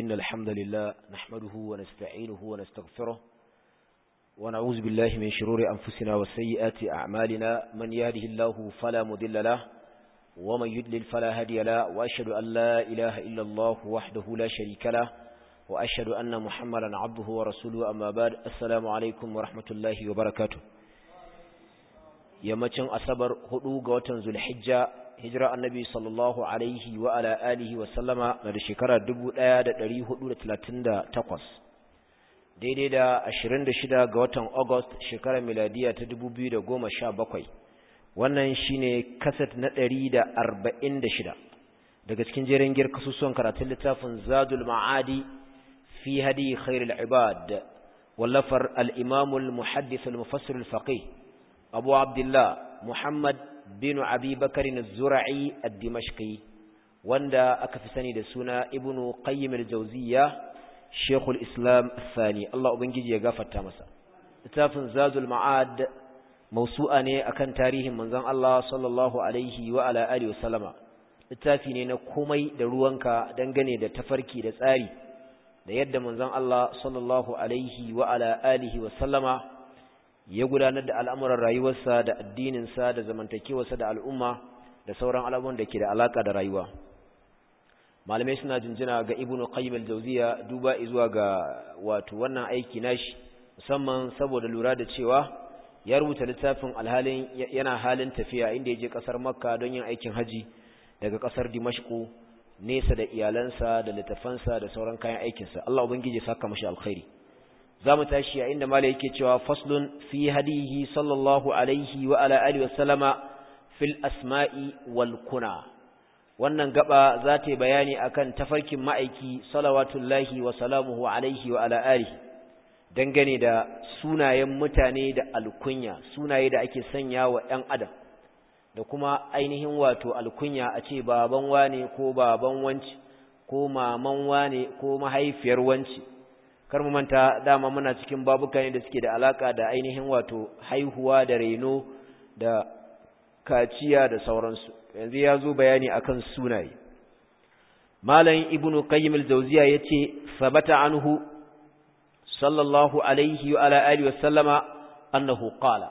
إن الحمد لله نحمده ونستعينه ونستغفره ونعوذ بالله من شرور أنفسنا وسيئات أعمالنا من يهده الله فلا مضل له ومن يدلل فلا هدي له وأشهد أن لا إله إلا الله وحده لا شريك له وأشهد أن محمدا عبده ورسوله أما بعد السلام عليكم ورحمة الله وبركاته yammacin asabar hudu ga watan zulhijja hijira annabi sallallahu alaihi wa ala alihi wa sallama na da shekara 1438 daidai da 26 ga watan August shekarar miladiya ta 2017 wannan shine kaset na 146 daga cikin jerin gir kasusuwan karatun littafin Zadul Ma'adi fi hadi khairul ibad wallafar al imamul al al-mufassir al-faqih Abu Abdullah Muhammad bin abi na zura'i a dimashqi wanda aka fi sani da suna ibnu Qayyimar al-jawziyya shaykhul islam thani Allah ubangiji ya gafarta masa littafin zadul ma'ad mausu'a ne akan tarihin manzon Allah sallallahu alaihi wa ala alihi wa littafi ne na komai da ruwanka dangane da tafarki da tsari da yadda manzon Allah sallallahu alaihi wa ala alihi wa ya gudanar da al'amuran rayuwarsa da addininsa da zamantakewarsa da al'umma da sauran al'amuran da ke da alaka da rayuwa malamai suna jinjina ga ibnu qayyim al-jawziya duba zuwa ga wato wannan aiki nashi musamman saboda lura da cewa ya rubuta littafin alhalin yana halin tafiya inda yaje kasar makka don yin aikin haji daga kasar dimashqu nesa da iyalansa da littafansa da sauran kayan aikinsa Allah ubangiji saka mashi alkhairi za mu tashi a inda mala yake cewa faslun fi hadihi sallallahu alaihi wa ala alihi wasallama fil asma'i wal kuna wannan gaba za ta yi bayani akan tafarkin ma'aiki salawatullahi wa salamuhu alaihi wa ala alihi dangane da sunayen mutane da alkunya sunaye da ake sanya wa ‘yan adam da kuma ainihin wato alkunya a ce baban wane ko baban wanci ko maman wane ko mahaifiyar wanci kar mu manta dama muna cikin babukan ne da suke da alaka da ainihin wato haihuwa da reno da kaciya da sauransu yanzu ya zo bayani akan sunaye malam ibnu qayyim al-jawziya yace sabata anhu sallallahu alaihi wa ala alihi wa sallama annahu qala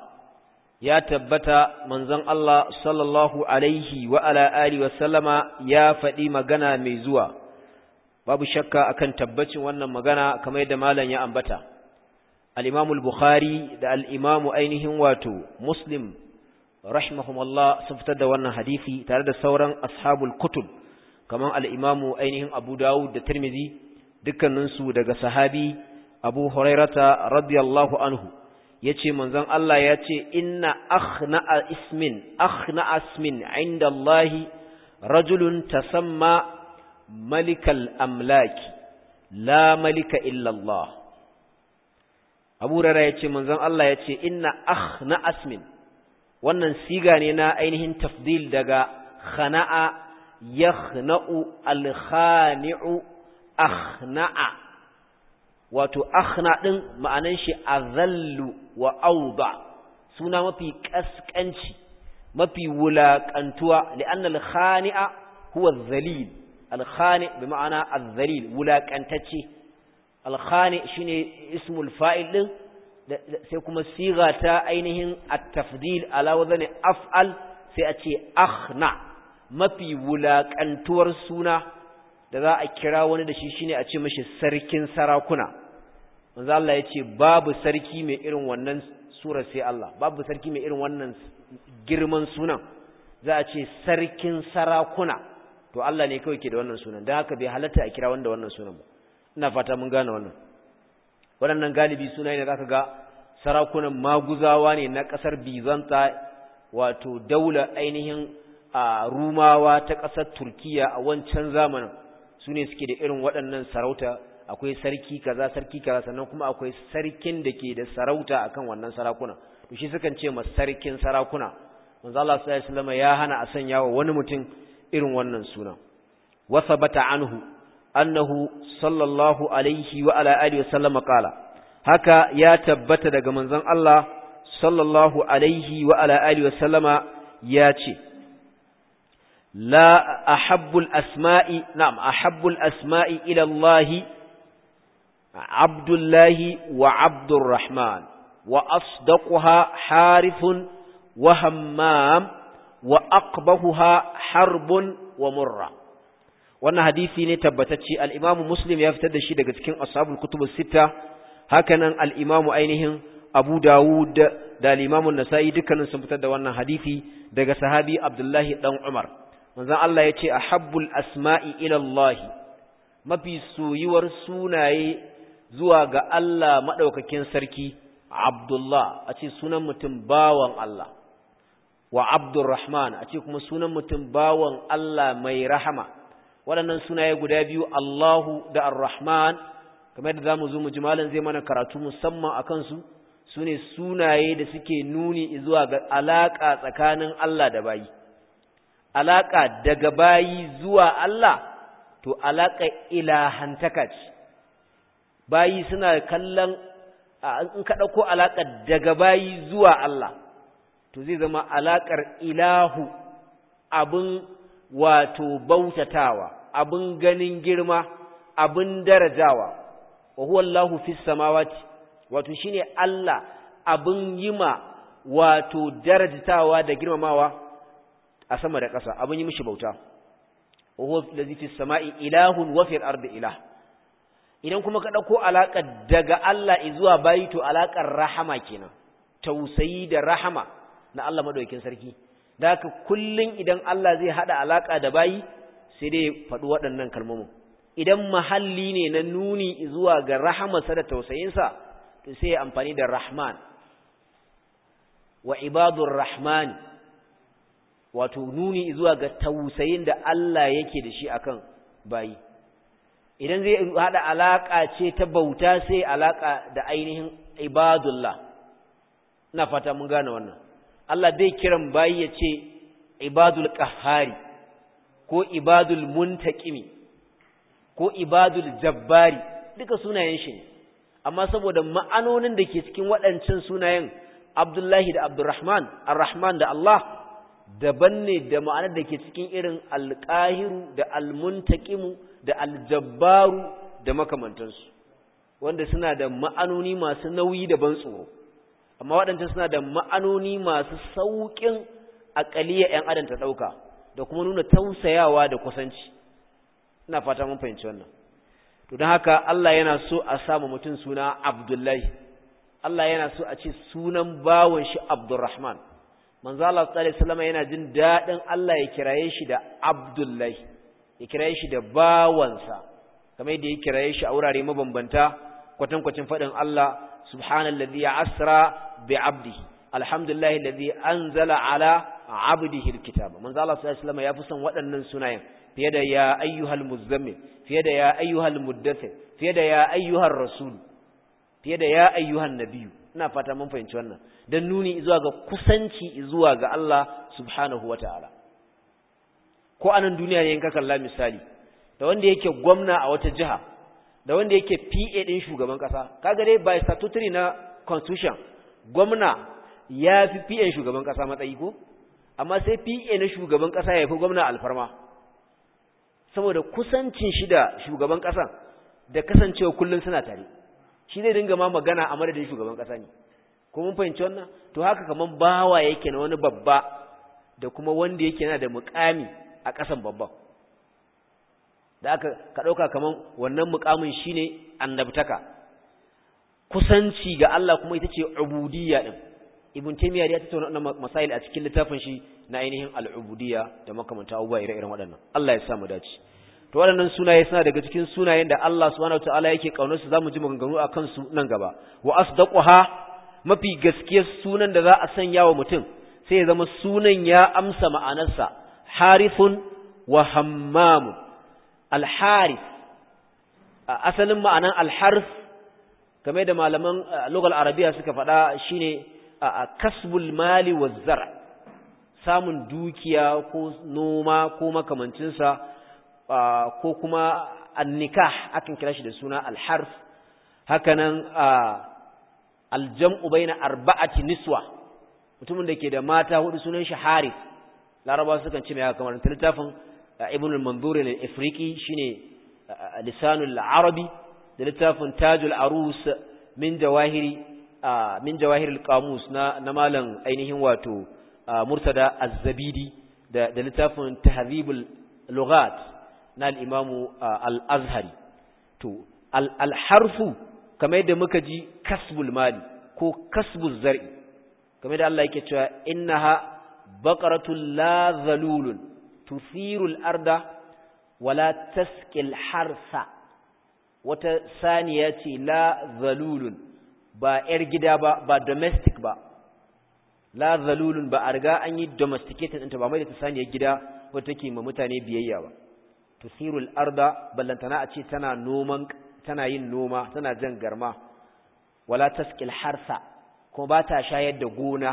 ya tabbata manzon Allah sallallahu alaihi wa ala alihi wa sallama ya faɗi magana mai zuwa babu shakka akan tabbacin wannan magana kamar yadda malam ya ambata al-Imam al-Bukhari da al ainihin wato Muslim rahimahumullah sun fitar da wannan hadisi tare da sauran ashabul kutub kamar al ainihin Abu Dawud da Tirmidhi dukkaninsu daga sahabi Abu Hurairata radiyallahu anhu yace manzon Allah yace inna akhna'a ismin akhna'a ismin inda Allah rajulun tasamma malikal amlaki la malika illallah Aburara yace ya ce manzon Allah yace ce inna akh asmin wannan siga ne na ainihin tafdil daga khana'a yakhna'u alkhani'u akhna'a wato akhna din ma'anan shi azallu wa auda suna mafi kaskanci mafi wulakantuwa li'anna khania huwa zalil alkhani bi ma'ana azzalil wulaƙantacce alkhani shine ismul fa'il din sai kuma siga ta ainihin at-tafdil ala af'al sai a ce akhna mafi wulaƙantuwar suna da za a kira wani da shi shine a ce mishi sarkin sarakuna manzo Allah ya ce babu sarki mai irin wannan sura sai Allah babu sarki mai irin wannan girman sunan za a ce sarkin sarakuna to Allah ne kawai ke da wannan sunan Don haka bai halatta a kira wanda wannan sunan ba ina fata mun gane wannan waɗannan galibi sunaye da zaka ga sarakunan maguzawa ne na ƙasar Bizanta wato daular ainihin a Rumawa ta ƙasar Turkiya a wancan zamanin su ne suke da irin waɗannan sarauta akwai sarki kaza sarki kaza sannan kuma akwai sarkin da ke da sarauta akan wannan sarakuna to shi sukan ce ma sarkin sarakuna manzo Allah sallallahu alaihi wasallam ya hana a sanya wa wani mutum irin wannan sunan wa sabata anhu annahu sallallahu alaihi wa ala alihi wa sallama qala haka ya tabbata daga manzon Allah sallallahu alaihi wa ala alihi wa sallama ya ce la ahabbul asma'i na'am ahabbul asma'i ila Allah abdullahi wa abdurrahman wa asdaquha harithun wa hammam wa aqbahuha harbun wa murra wannan hadisi ne tabbatacce al-Imam Muslim ya fitar da shi daga cikin ashabul kutub sita hakanan al-Imam ainihin Abu Dawud da al-Imam An-Nasa'i dukkanin sun fitar da wannan hadisi daga sahabi Abdullahi dan Umar manzon Allah yace ahabbul asma'i ila Allah mafi soyuwar sunaye zuwa ga Allah madaukakin sarki Abdullah a ce sunan mutum bawan Allah wa Abdurrahman a ce kuma sunan mutum bawan Allah mai rahama waɗannan sunaye guda biyu Allahu da Arrahman rahman kamar da zamu zo mu ji malam zai mana karatu musamman akan su sune sunaye da suke nuni zuwa ga alaka tsakanin Allah da bayi alaka daga bayi zuwa Allah to alaka ilahantaka ce bayi suna kallon in ka ɗauko alaka daga bayi zuwa Allah to zai zama alaƙar ilahu abin wato bautatawa abin ganin girma abin darajawa wa huwa Allahu fis samawati wato shine Allah abin yima wato darajatawa da girmamawa a sama da ƙasa abin yi mishi bauta wa huwa allazi fis sama'i ilahun wa fil ardi ilah idan kuma ka dauko alaka daga Allah zuwa bayi to alakar rahama kenan tausayi da rahama na Allah madaukin sarki da haka kullun idan Allah zai haɗa alaka da bayi sai dai faɗi waɗannan kalmomin idan mahalli ne na nuni zuwa ga rahamarsa da tausayinsa to sai amfani da rahman wa ibadur rahmani wato nuni zuwa ga tausayin da Allah yake da shi akan bayi idan zai haɗa alaƙa ce ta bauta sai alaƙa da ainihin ibadullah na fata mun gane wannan Allah bai kiran bayi ya ce ibadul ƙahari ko ibadul muntakimi ko ibadul jabbari duka sunayen shi ne amma saboda ma'anonin da ke cikin waɗancan sunayen Abdullahi da Abdurrahman Arrahman da Allah daban ne da ma'anar da ke cikin irin alƙahiru da almuntaƙimu da aljabbaru da makamantansu wanda suna da ma'anoni masu nauyi da ban tsoro amma waɗancan suna da ma'anoni masu sauƙin aƙaliya 'yan adam ta ɗauka da kuma nuna tausayawa da kusanci ina fata mun fahimci wannan to don haka Allah yana so a samu mutum suna Abdullahi Allah yana so a ce sunan bawon shi Abdurrahman manzo Allah sallallahu alaihi wasallam yana jin daɗin Allah ya kiraye shi da Abdullahi ya kiraye shi da bawansa kamar yadda ya kiraye shi a wurare mabambanta kwatankwacin faɗin Allah subhanallazi asra bi abdihi alhamdulillahi allazi anzala ala abdihi alkitaba manzo Allah ya fi son waɗannan sunayen fiye da ya ayyuhal muzammil fiye ya ayyuhal muddathir fiye da ya ayyuhar rasul fiye da ya ayyuhan nabiyyu ina fata mun fahimci wannan dan nuni zuwa ga kusanci zuwa ga Allah subhanahu ta'ala. ko anan duniya ne in ka kalla misali da wanda yake gwamna a wata jiha da wanda yake PA din shugaban kasa kaga dai by statutory na constitution gwamna ya fi PA shugaban kasa matsayi ko amma sai PA na shugaban kasa ya fi gwamna alfarma saboda kusancin shi da shugaban kasa da kasancewa kullun suna tare shi zai dinga ma magana a madadin shugaban kasa ne ko mun fahimci wannan to haka kaman bawa yake na wani babba da kuma wanda yake yana da mukami a kasan babban da aka ka dauka kaman wannan mukamin shine annabtaka kusanci ga Allah kuma ita ce ubudiyya din ibn taymiya ya tattauna wannan masail a cikin littafin shi na ainihin al-ubudiyya da makamanta abubuwa ire-iren waɗannan Allah ya sa mu dace to waɗannan sunaye suna daga cikin sunayen da Allah subhanahu wataala yake kaunar su zamu ji maganganu akan su nan gaba wa asdaquha mafi gaskiya sunan da za a sanya wa mutum sai ya zama sunan ya amsa ma'anarsa harifun wa hammamun a asalin ma'anan alharis game da malaman lokal arabiya suka faɗa shine kasbul mali wa zara samun dukiya ko noma ko makamancinsa ko kuma annikah akan kira shi da suna alharf hakanan aljam'u na arba'ati niswa mutumin da ke da mata hudu sunan shi harif laraba sukan ce mai haka kamar littafin ibn al-manzur al shine lisanun arabi da littafin tajul arus min jawahiri min jawahiril qamus na na malam ainihin wato murtada az-zabidi da da littafin tahzibul lughat na al-imamu al-azhari to al-harfu kamar yadda muka ji kasbul mali ko kasbul zar'i kamar da Allah yake cewa innaha baqaratun la zalulun tusirul arda wala taskil wata saniya ce la zalulun ba yar gida ba ba domestic ba la zalulun ba a riga an yi domesticated ɗinta ba mai da ta saniya gida wata take ma mutane biyayya ba tusirul arda ballantana a ce tana yin noma tana jan garma wala taskil kuma ba ta shayar da gona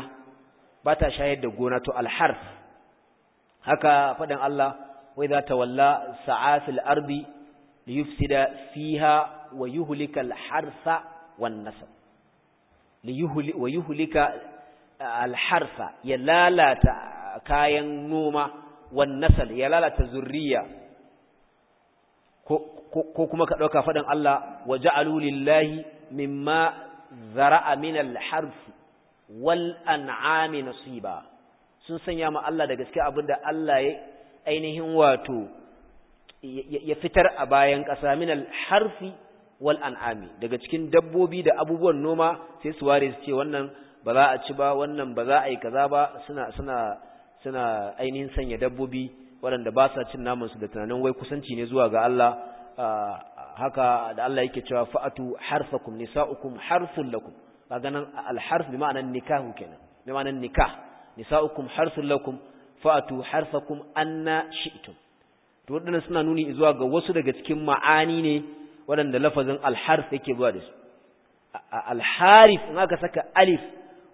ba ta shayar da gona to alhars haka faɗin Allah wa idza walla sa'afil arbi ardi liyufsida fiha wa yuhlika al harsa wan wa yuhlika eh, al harsa ya lalata kayan noma wan nasal ya lalata zurriya ko kuma ka ɗauka faɗin Allah wa ja'alu lillahi mimma zara'a min al walan'ami wal nasiba sun sanya ma Allah da gaske abinda Allah ya ainihin wato ya fitar a bayan ƙasa min harfi wal an'ami daga cikin dabbobi da abubuwan noma sai su ware su ce wannan ba za a ci ba wannan ba za a yi kaza ba suna suna suna ainihin sanya dabbobi waɗanda ba sa cin naman su da tunanin wai kusanci ne zuwa ga Allah haka da Allah yake cewa fa'atu harfakum nisa'ukum harfun lakum kaga nan al harf bi ma'anan nikahu kenan bi ma'anan nikah nisa'ukum harsul lakum fa'atu harsakum anna shi'tum to wadannan suna nuni zuwa ga wasu daga cikin ma'ani ne waɗanda lafazin al-harf yake zuwa da su al-harif in aka saka alif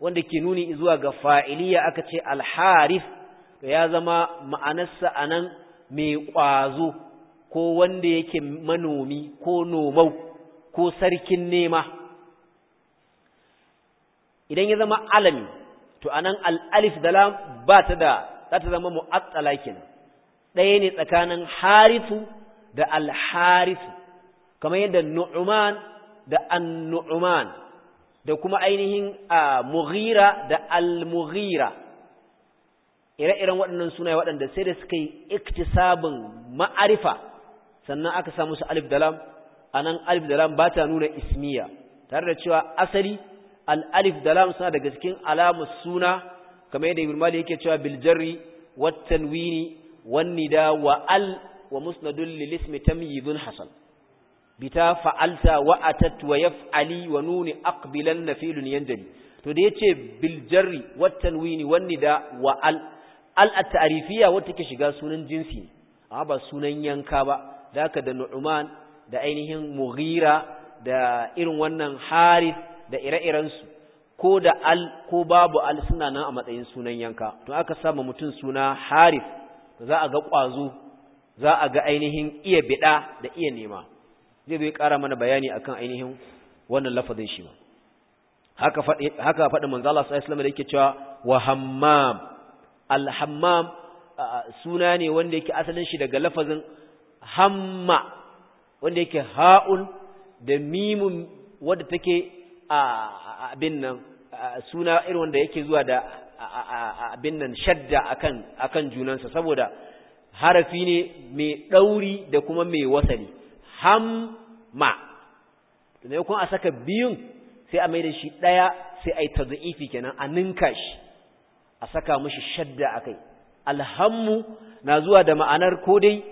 wanda ke nuni zuwa ga fa'iliya aka ce al-harif to ya zama ma'anarsa anan mai ƙwazo ko wanda yake manomi ko nomau ko sarkin nema idan ya zama alami to anan al-alif da lam ba ta da za ta zama mu'attala kenan ɗaya ne tsakanin harifu da al-harifu kamar yadda nu'man da an-nu'man da kuma ainihin mughira da al-mughira ire-iren waɗannan sunaye waɗanda sai da suka yi iktisabin ma'arifa sannan aka samu su alif da lam anan alif da lam ba ta nuna ismiya tare da cewa asali al'alif da lam suna daga cikin alamus suna kamar yadda ibn mali yake cewa biljarri wattanwini wannida wa al wa musnadun lilismi tamyibun hasan bita fa'alta wa atat wa wa nuni aqbilan nafilun yanjali to da yace biljarri wattanwini wannida wa al al at ta'arifiya wacce ke shiga sunan jinsi A'a ba sunan yanka ba da aka da nu'uman da ainihin mughira da irin wannan harith da ire iren su. ko da al ko babu al suna nan a matsayin sunan yanka to aka samu mutum suna harif za a ga ƙwazo za a ga ainihin iya bida da iya nema zai zai kara mana bayani akan ainihin wannan lafazin shi ma haka haka faɗi manzo Allah sallallahu alaihi da yake cewa wa hammam al hammam suna ne wanda yake asalin shi daga lafazin hamma wanda yake ha'un da mimun wadda take abin nan suna irin wanda yake zuwa da abin nan shadda akan akan junansa saboda harafi ne mai ɗauri da kuma mai wasali hamma da kuma a saka biyun sai a mai da shi ɗaya sai a yi ta za'ifi kenan a ninka shi a saka mashi shadda a kai alhammu na zuwa da ma'anar ko dai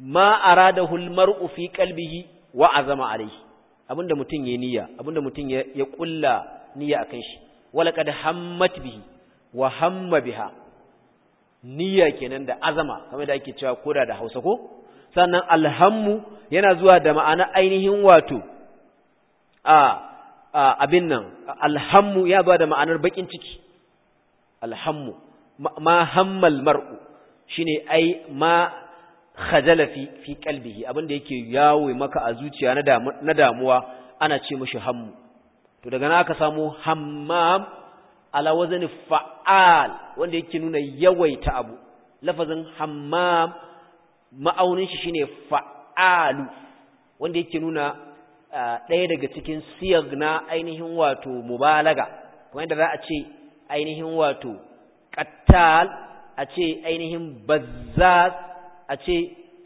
ma da hulmar ufi kalbihi wa a zama alaihi abinda mutum ya niyya abinda mutum ya kulla niyya akan shi walaqad hammat bihi wa hamma biha niyya kenan da azama kamar da ake cewa koda da Hausa ko sannan alhammu yana zuwa da ma'ana ainihin wato a abin nan alhammu ya zuwa da ma'anar bakin ciki alhammu ma hammal mar'u shine ai ma khajala fi fi qalbihi abinda yake yawo maka a zuciya na damuwa ana ce mishi hammu to daga nan aka samu hammam ala wazni fa'al wanda yake nuna yawaita abu lafazin hammam ma'aunin shi shine fa'alu wanda yake nuna ɗaya daga cikin siyag na ainihin wato mubalaga kuma yadda za a ce ainihin wato qattal a ce ainihin bazzaz a ce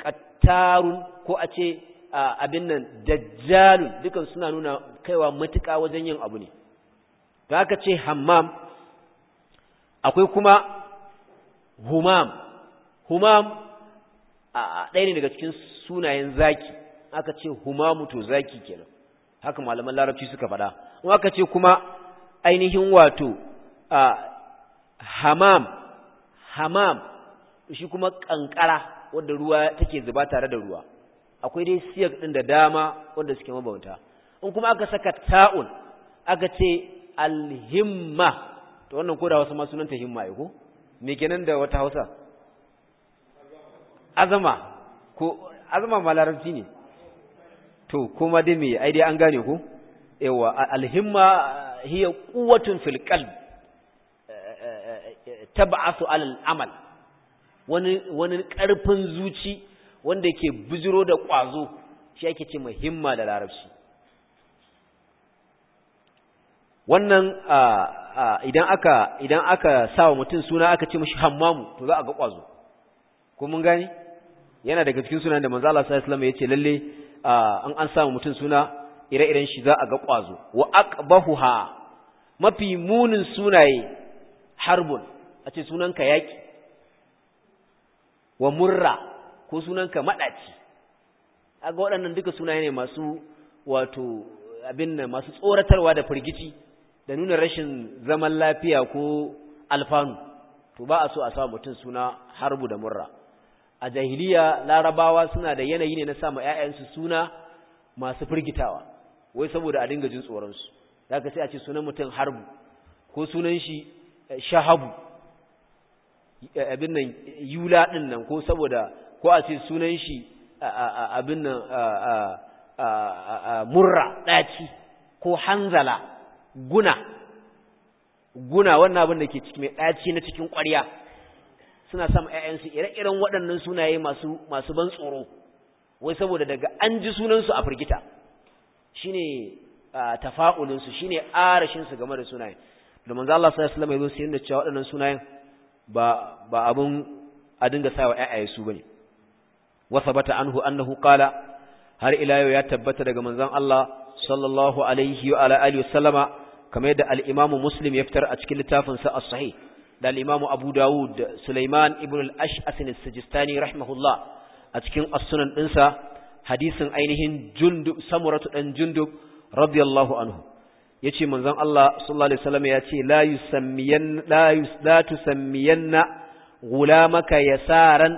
ƙattarun ko a ce abin nan dajjalun dukan suna nuna kaiwa matuƙa wajen yin abu ne ta aka ce hammam akwai kuma humam humam a ɗaya ne daga cikin sunayen zaki aka ce humamu to zaki kenan haka malaman larabci suka faɗa in aka ce kuma ainihin wato hamam hamam shi kuma ƙanƙara wanda ruwa take zuba tare da ruwa akwai dai siyar ɗin da dama wanda suke mabauta in kuma aka saka ta'un aka ce alhimma to wannan ko da wasu ma ta himma ai ko me kenan da wata Hausa azama ko azama ma larabci ne to kuma dai me ai dai an gane ko yawa alhimma hiya quwwatun fil qalb eh, eh, eh, tab'asu al amal wani wani karfin zuci wanda yake bujiro da ƙwazo shi ake ce muhimma da larabci wannan idan aka idan aka sawa mutum suna aka ce mishi hammamu to za a ga kwazo ko mun gane yana daga cikin sunan da manzo Allah sallallahu alaihi wasallam yace lalle an an samu mutum suna ire-iren shi za a ga kwazo wa aqbahuha mafi munin sunaye harbun a ce sunanka yaki wa murra ko sunanka maɗaci aga waɗannan duka sunaye ne masu wato abin nan masu tsoratarwa da firgici da nuna rashin zaman lafiya ko alfanu to ba a so a sa mutum suna harbu da murra a jahiliya larabawa suna da yanayi ne na sama 'ya'yansu suna masu firgitawa wai saboda a dinga jin tsoronsu zaka sai a ce sunan mutum harbu ko sunan shi eh, shahabu Eh, abin nan yula din nan ko saboda ko a ce sunan shi abin nan murra ɗaci ko hanzala guna guna wannan abin da ke ciki mai ɗaci na cikin ƙwarya suna samun ‘ya'yansu ire-iren waɗannan sunaye masu ban tsoro wai saboda daga an ji sunansu a firgita shine tafa'ulinsu shi ne arashinsu game da sunayen da manzo Allah sallallahu alaihi wasallam ya zo sayar da cewa waɗannan sunayen ba ba abun a dinga sawa ƴaƴaye su bane wasabata anhu annahu qala har ila yau ya tabbata daga manzon Allah sallallahu alaihi wa ala alihi wasallama kamar yadda al-Imam Muslim ya fitar a cikin littafin sa as-sahih da al-Imam Abu Dawud Sulaiman ibn al-Ash'as as-Sijistani rahimahullah a cikin as-sunan dinsa hadisin ainihin Jundub Samuratu dan Jundub radiyallahu anhu Ya yace manzon Allah sallallahu alaihi wasallam ya ce la yusammiyan la la tusammiyanna gulamaka yasaran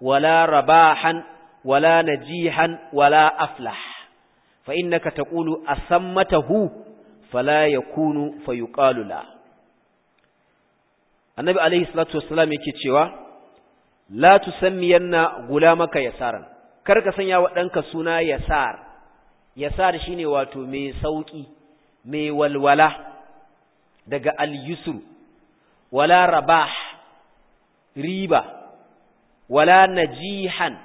wala rabahan wala najihan wala aflah fa innaka taqulu asammatahu fala yakunu fayuqalu la annabi alaihi salatu wasallam yake cewa la tusammiyanna gulamaka yasaran kar ka sanya wa danka suna yasar yasar shine wato mai sauki mai walwala daga al-yusru wala rabah riba wala najihan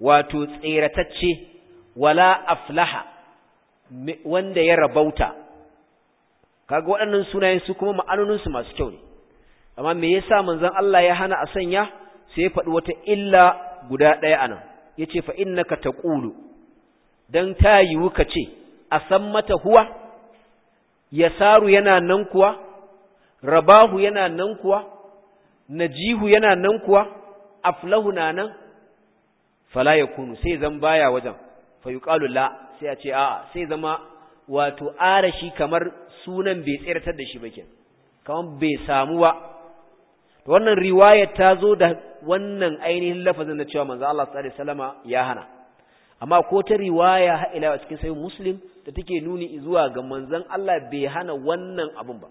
wato tseratacce wala aflaha wanda ya rabauta kaga waɗannan sunayen su kuma ma'anoninsu masu kyau ne amma me yasa manzon Allah ya hana a sanya sai ya faɗi wata illa guda ɗaya anan yace fa innaka taqulu dan ta wuka ka ce a san mata huwa yasaru yana nan kuwa rabahu yana nan kuwa najihu yana nan kuwa aflahu na nan fala yakunu sai zan baya wajen fa yuqalu la sai a ce a'a sai zama wato arashi kamar sunan bai tsirtar da shi ba kenan kamar bai samu ba to wannan riwayar ta zo da wannan ainihin lafazin na cewa manzo Allah sallallahu alaihi wasallama ya hana amma ko ta riwaya ha ila a cikin sayin muslim da take nuni zuwa ga manzon Allah bai hana wannan abun ba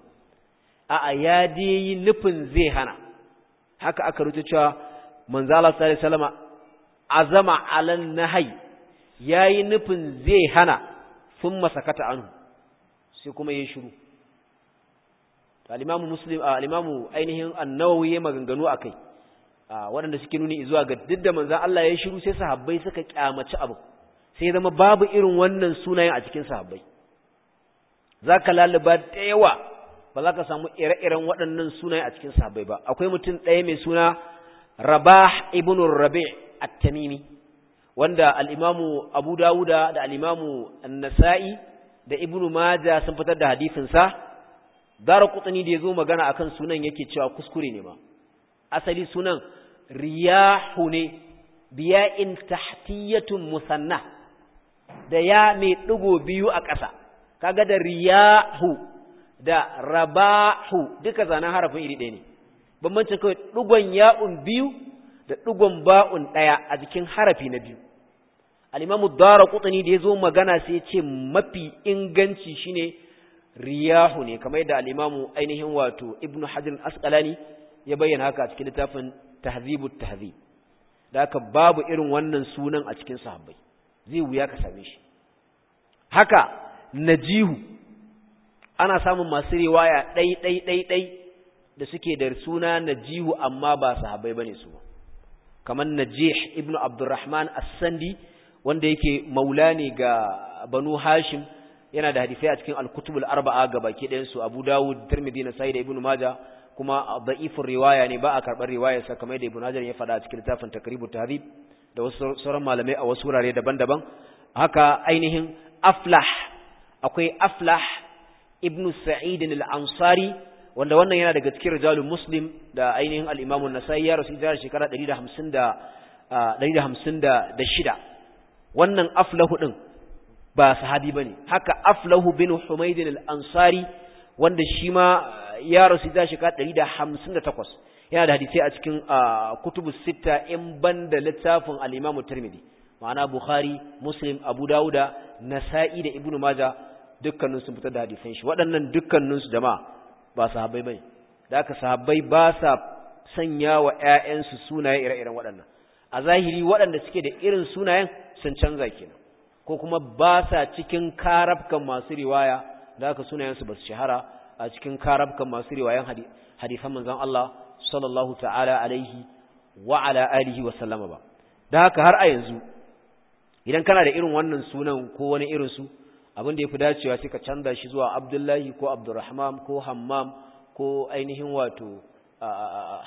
a'a ya dai nufin zai hana haka aka rubuta cewa manzon Allah sallallahu alaihi wasallam azama alan nahi yayi nufin zai hana sun masakata anhu sai kuma yayi shiru al-imamu muslim al-imamu ainihin an-nawawi maganganu akai Ah, waɗanda suke nuni zuwa ga duk da manzan Allah ya shiru sai sahabbai suka kyamaci abu sai zama babu irin wannan sunayen a cikin sahabbai za ka laliba da yawa ba za ka samu ire-iren waɗannan sunayen a cikin sahabbai ba akwai mutum ɗaya mai suna rabah ibn rabi at-tamimi wanda al-imamu abu dawuda da al'imamu imamu an-nasa'i da ibnu majah sun fitar da hadisin sa dara kutani da zo magana akan sunan yake cewa kuskure ne ba asali sunan riyahu ne biya in tahtiyatun musanna da ya mai ɗigo biyu a ƙasa kaga da riyahu da rabahu duka zanen harafin iri ɗaya ne bambancin kawai ɗigon ya'un biyu da ɗigon ba'un ɗaya a jikin harafi na biyu al'imamu dara kutsani da ya zo magana sai ce mafi inganci shine riyahu ne kamar yadda al'imamu ainihin wato ibnu hajjin asƙalani ya bayyana haka a cikin littafin tahzibu tahzib da aka babu irin wannan sunan a cikin sahabbai zai wuya ka same shi haka najihu ana samun masu riwaya ɗai ɗai ɗai ɗai da suke da suna najihu amma ba sahabbai bane su kamar najih ibnu abdurrahman as-sandi wanda yake maula ne ga banu hashim yana da hadisai a cikin al-kutub al-arba'a ga baki ɗayan su abu dawud tirmidhi nasai da ibnu majah kuma da'ifin riwaya ne ba a karɓar riwayar sa kamar da Ibn Hajar ya faɗa a cikin littafin Takribut Tahdhib da wasu sauran malamai a wasu wurare daban-daban haka ainihin Aflah akwai Aflah ibn Sa'id al-Ansari wanda wannan yana daga cikin rijalul Muslim da ainihin al-Imam an-Nasa'i ya rasu da shekara 150 da 156 wannan Aflahu din ba sahabi bane haka Aflahu bin Humayd al-Ansari wanda shi ma ya rasu za shi da takwas yana da hadisai a cikin kutubu sita in ban da littafin al'imamu turmidi ma'ana Bukhari Muslim Abu Dawuda Nasa'i da ibnu Maja dukkanin sun fitar da hadisan shi waɗannan dukkanin su jama'a ba sahabbai bai da aka sahabbai ba sa sanya wa 'ya'yansu sunaye ire-iren waɗannan a zahiri waɗanda suke da irin sunayen sun canza kenan ko kuma ba sa cikin karafkan masu riwaya da haka sunayensu ba su shahara a cikin karabkan masu riwayan hadisan manzon Allah sallallahu ta'ala alaihi wa ala alihi wa sallama ba da haka har a yanzu idan kana da irin wannan sunan ko wani irin su abin da yafi dacewa sai ka canza shi zuwa Abdullahi ko Abdurrahman ko Hammam ko ainihin wato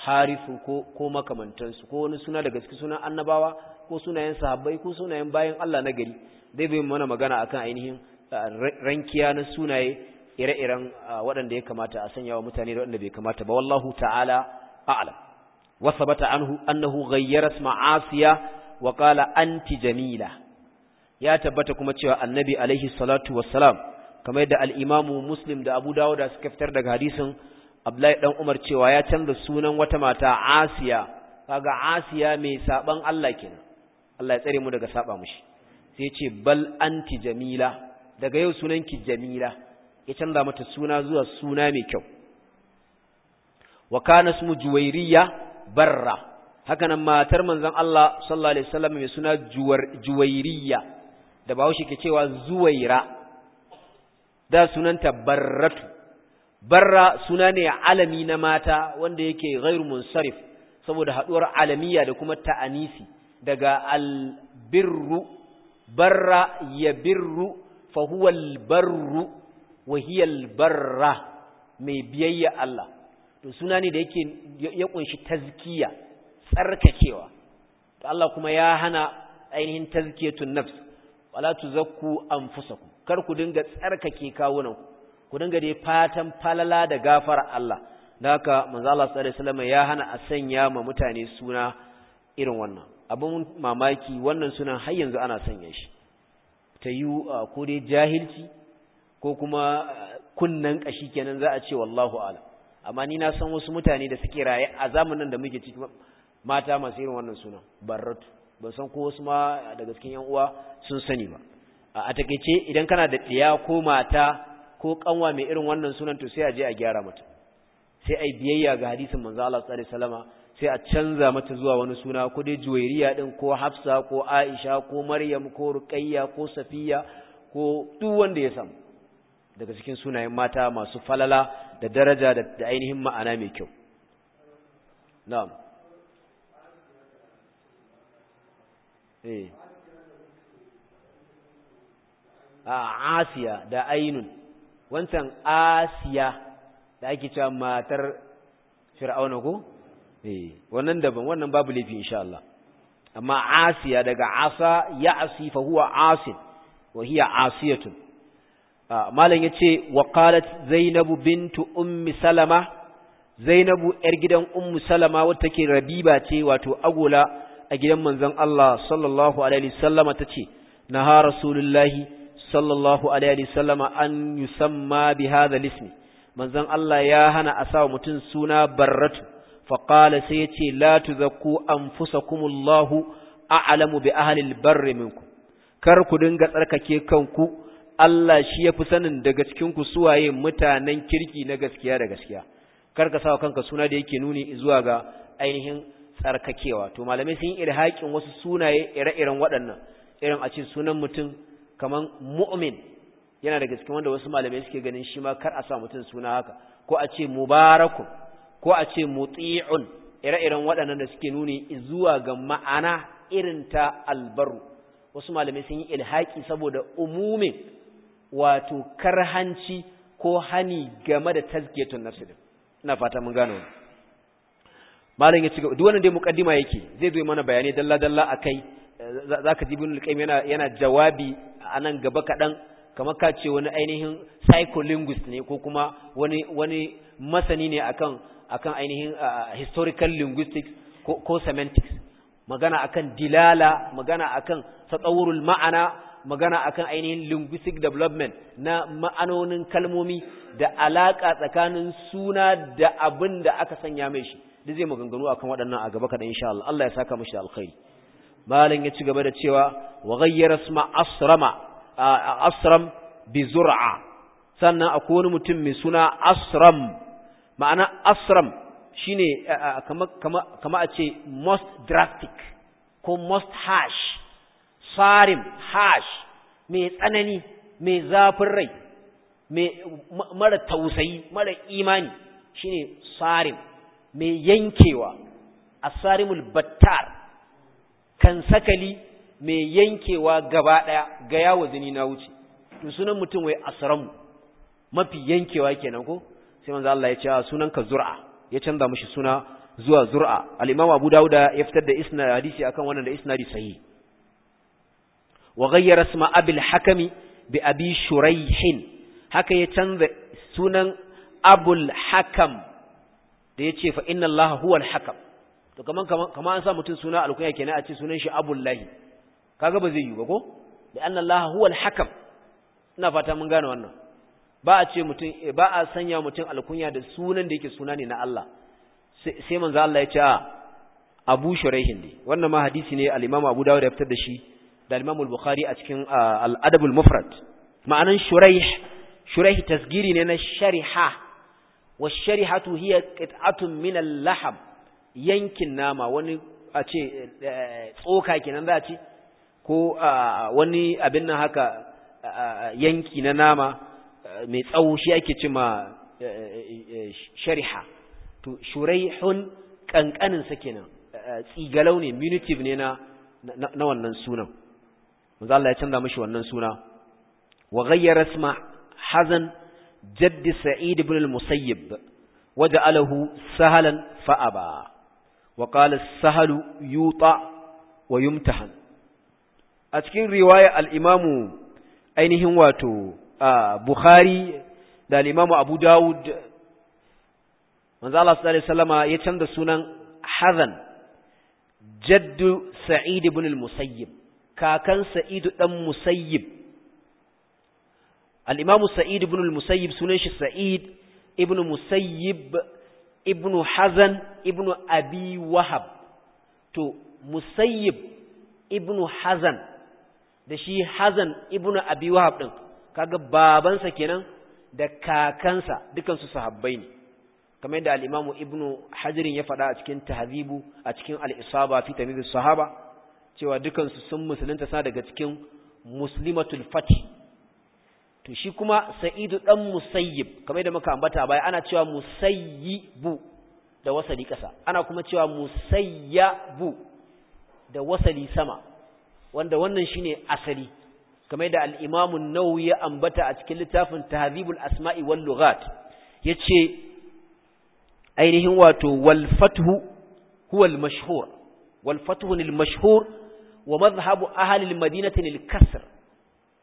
harifu ko ko makamantansu ko wani suna daga cikin sunan annabawa ko sunayen sahabbai ko sunayen bayan Allah na gari zai bai mana magana akan ainihin rankiya na sunaye ire-iren waɗanda ya kamata a sanya wa mutane da waɗanda bai kamata ba wallahu ta'ala a'lam wa sabata anhu annahu ghayyara ma'asiya wa qala anti jamila ya tabbata kuma cewa annabi alaihi salatu wassalam kamar yadda al-imamu muslim da abu dawud suka fitar daga hadisin abdullahi dan umar cewa ya canza sunan wata mata asiya kaga asiya mai saban Allah kenan Allah ya tsare mu daga saba mushi sai ce bal anti jamila daga yau sunan ki jamila ya canza mata suna zuwa suna mai kyau wa kana ismu juwairiya barra haka nan matar manzon Allah sallallahu alaihi wasallam mai suna juwairiya da bahaushe ke cewa zuwaira da sunanta barratu barra suna ne alami na mata wanda yake ghairu munsarif saboda haduwar alamiya da kuma ta'anisi daga albirru barra ya birru fahuwa Barru wahiyal hiya mai biyayya Allah to suna ne da yake ya kunshi tazkiya tsarkakewa to Allah kuma ya hana ainihin tazkiyatun nafs wala tuzakku anfusakum kar ku dinga tsarkake kawunan ku dinga dai fatan falala da gafara Allah da haka manzo Allah sallallahu alaihi wasallam ya hana a sanya ma mutane suna irin wannan abun mamaki wannan sunan har yanzu ana sanya shi ta yi ko dai jahilci ko kuma kunnan ƙashi kenan za a ce wallahu ala amma ni na san wasu mutane da suke raye a zamanin da muke ciki mata masu irin wannan suna barratu ban san ko wasu ma daga cikin yan uwa sun sani ba a takaice idan kana da ɗiya ko mata ko kanwa mai irin wannan sunan to sai a je a gyara mata sai yi biyayya ga hadisin manzo Allah sallallahu alaihi wasallama sai a canza mata zuwa wani suna ko dai juwairiya din ko hafsa ko aisha ko maryam ko ruqayya ko safiya ko duk wanda ya samu daga cikin sunayen mata masu falala da daraja da ainihin ma'ana mai kyau na'am eh a ah, asiya da ainun wancan asiya da ake cewa matar fir'auna ko Eh, wannan daban wannan babu laifi insha Allah amma asiya daga asa ya asi fa huwa asin wa hiya asiyatun ah, malam yace wa qalat zainabu bintu ummi salama zainabu yar gidan Ummi salama wata take rabiba ce wato agola a gidan manzon Allah sallallahu alaihi wasallama tace naha rasulullahi sallallahu alaihi wasallama an yusamma bi hadha ismi manzon Allah ya hana asawa mutun suna barratu faƙala sai ya ce fusa kumullahu anfusakumullahu a'lamu bi ahalil barri minku kar ku dinga tsarkake kanku Allah shi ya fi sanin daga cikin ku suwaye mutanen kirki na gaskiya da gaskiya kar ka sawa kanka suna da yake nuni zuwa ga ainihin tsarkakewa to malamai sun yi irhaƙin wasu sunaye ire-iren waɗannan irin a ce sunan mutum kaman mu'min yana daga cikin wanda wasu malamai suke ganin shi ma kar a sa mutum suna haka ko a ce mubarakun ko a ce muti'un ire-iren waɗannan da suke nuni zuwa ga ma'ana irin ta albaru wasu malamai sun yi ilhaki saboda umumin wato karhanci ko hani game da tazkiyatun nafsi din ina fata mun gano malam ya ci duk wannan dai mukaddima yake zai zo mana bayanai dalla dalla akai zaka ji ibn al yana yana jawabi anan gaba kadan kamar ka ce wani ainihin psycholinguist ne ko kuma wani wani masani ne akan akan ainihin historical linguistics ko semantics magana akan dilala magana akan tsatsaurul ma'ana magana akan ainihin linguistic development na ma'anonin kalmomi da alaka tsakanin suna da abin da aka sanya mai shi duk zai maganganu akan waɗannan a gaba kaɗan insha Allah Allah ya saka mashi da alkhairi malam ya ci gaba da cewa wa ghayyara asrama asrama asram bi zur'a sannan akwai wani mutum mai suna asram ma'ana asram shine kama kama a ce most drastic ko most harsh sarim harsh mai tsanani mai zafin rai mara tausayi mara imani shine sarim mai yankewa asarimul battar kan sakali mai yankewa gaba ɗaya ga yawo zini na wuce to sunan mutum wai asram mafi yankewa kenan ko sai manzo Allah ya ce sunanka zur'a ya canza mishi suna zuwa zur'a al-imam abu dauda ya fitar da isna hadisi akan wannan da isnadi sahihi wa ghayyara isma abil hakami bi abi shuraihin haka ya canza sunan abul hakam da ce fa inna allaha huwal hakam to kaman kaman an sa mutun suna alkunya kenan a ce sunan shi abullahi kaga ba zai yi ba ko da anna allaha huwal hakam ina fata mun gane wannan ba a ce mutum eh, ba a sanya mutum alkunya da sunan da yake suna ne na Allah sai manzo Allah ya ce a ah, Abu Shuraihin ne wannan ma hadisi ne al-Imam Abu Dawud ya fitar da shi da al-Imam al-Bukhari a cikin ah, al-Adab mufrad ma'anan Shuraih Shuraih tasgiri ne na shariha wa sharihatu hiya qit'atun min al-laham yankin nama wani a ce eh, tsoka kenan za a ce ko ah, wani abin nan haka yanki na nama mai tsawo shi ake ce ma eh, eh, eh, shariha to shuraihun kankanin sa kenan tsigalau ne munitive ne na na wannan sunan manzo Allah ya canza mishi wannan suna wa ghayyara isma hazan jaddi sa'id ibn al-musayyib waja'alahu sahalan fa'aba wa qala as-sahalu yuta wa yumtahan a cikin riwaya al-imamu ainihin wato Bukhari da Imam Abu Dawud manzo Allah sallallahu alaihi wasallama ya canza sunan Hazan jaddu Sa'id ibn al-Musayyib kakan Sa'id dan Musayyib al-Imam Sa'id ibn al-Musayyib sunan shi Sa'id ibn Musayyib ibn Hazan ibn Abi Wahab to Musayyib ibn Hazan da shi Hazan ibn Abi Wahab din kaga babansa kenan da kakansa dukansu sahabbai ne kamar yadda al-Imam Ibn Hajar ya faɗa a cikin Tahzibu a cikin al-Isaba fi Tamyiz sahaba cewa dukansu sun musulunta sa daga cikin muslimatul fati to shi kuma Sa'idu dan Musayyib kamar yadda muka ambata baya ana cewa Musayyibu da wasali kasa ana kuma cewa Musayyabu da wasali sama wanda wannan shine asali kamar da al'imamun imam ya ambata a cikin littafin Tahdhibul Asma'i wal Lughat ce ainihin wato walfatuhu fathu mashhur wa mazhabu ahli al-madinati ya kasr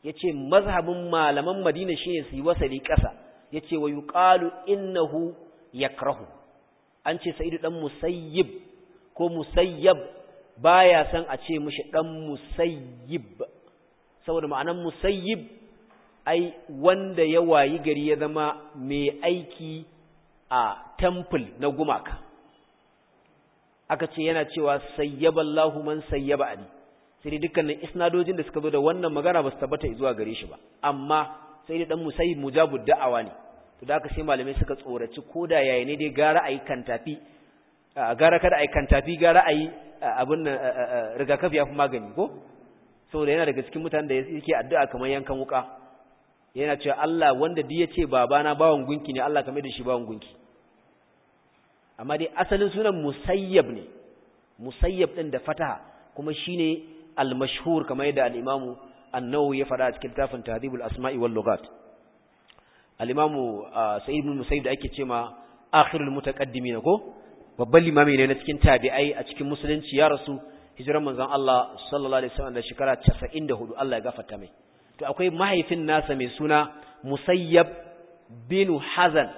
yace mazhabin malaman Madina shine su yi wasali kasa yace wa yuqalu innahu yakrahu an ce Sa'idu dan Musayyib ko Musayyab baya san a ce mashi dan Musayyib saboda ma'anan musayyib ai wanda ya wayi gari ya zama mai aiki a temple na gumaka aka ce yana cewa Allahu man sayyaba ali sai dukkanin isnadojin da suka zo da wannan magana ba su tabbata zuwa gare shi ba amma sai dai dan musayyib mujabud da'awa ne to da aka sai malamai suka tsoraci koda yayi ne dai gara ayi kantafi gara kada ayi tafi gara ayi abin rigakafi ya fi magani ko saboda yana daga cikin mutanen da yake addu'a kamar yankan wuka yana cewa Allah wanda duk yace babana bawan gunki ne Allah kamar da shi bawan gunki amma dai asalin sunan musayyab ne musayyab din da fataha kuma shine al-mashhur kamar yadda al-imamu an ya fada a cikin tafin tahdhibul asma'i wal lughat al-imamu ah, sa'id ibn musayyib da ake cewa akhirul mutaqaddimin ko babban limami ne na cikin tabi'ai a cikin musulunci ya rasu hijiran manzon Allah sallallahu alaihi wasallam da shekara 94 Allah ya gafarta mai to akwai mahaifin nasa mai suna Musayyab bin Hazan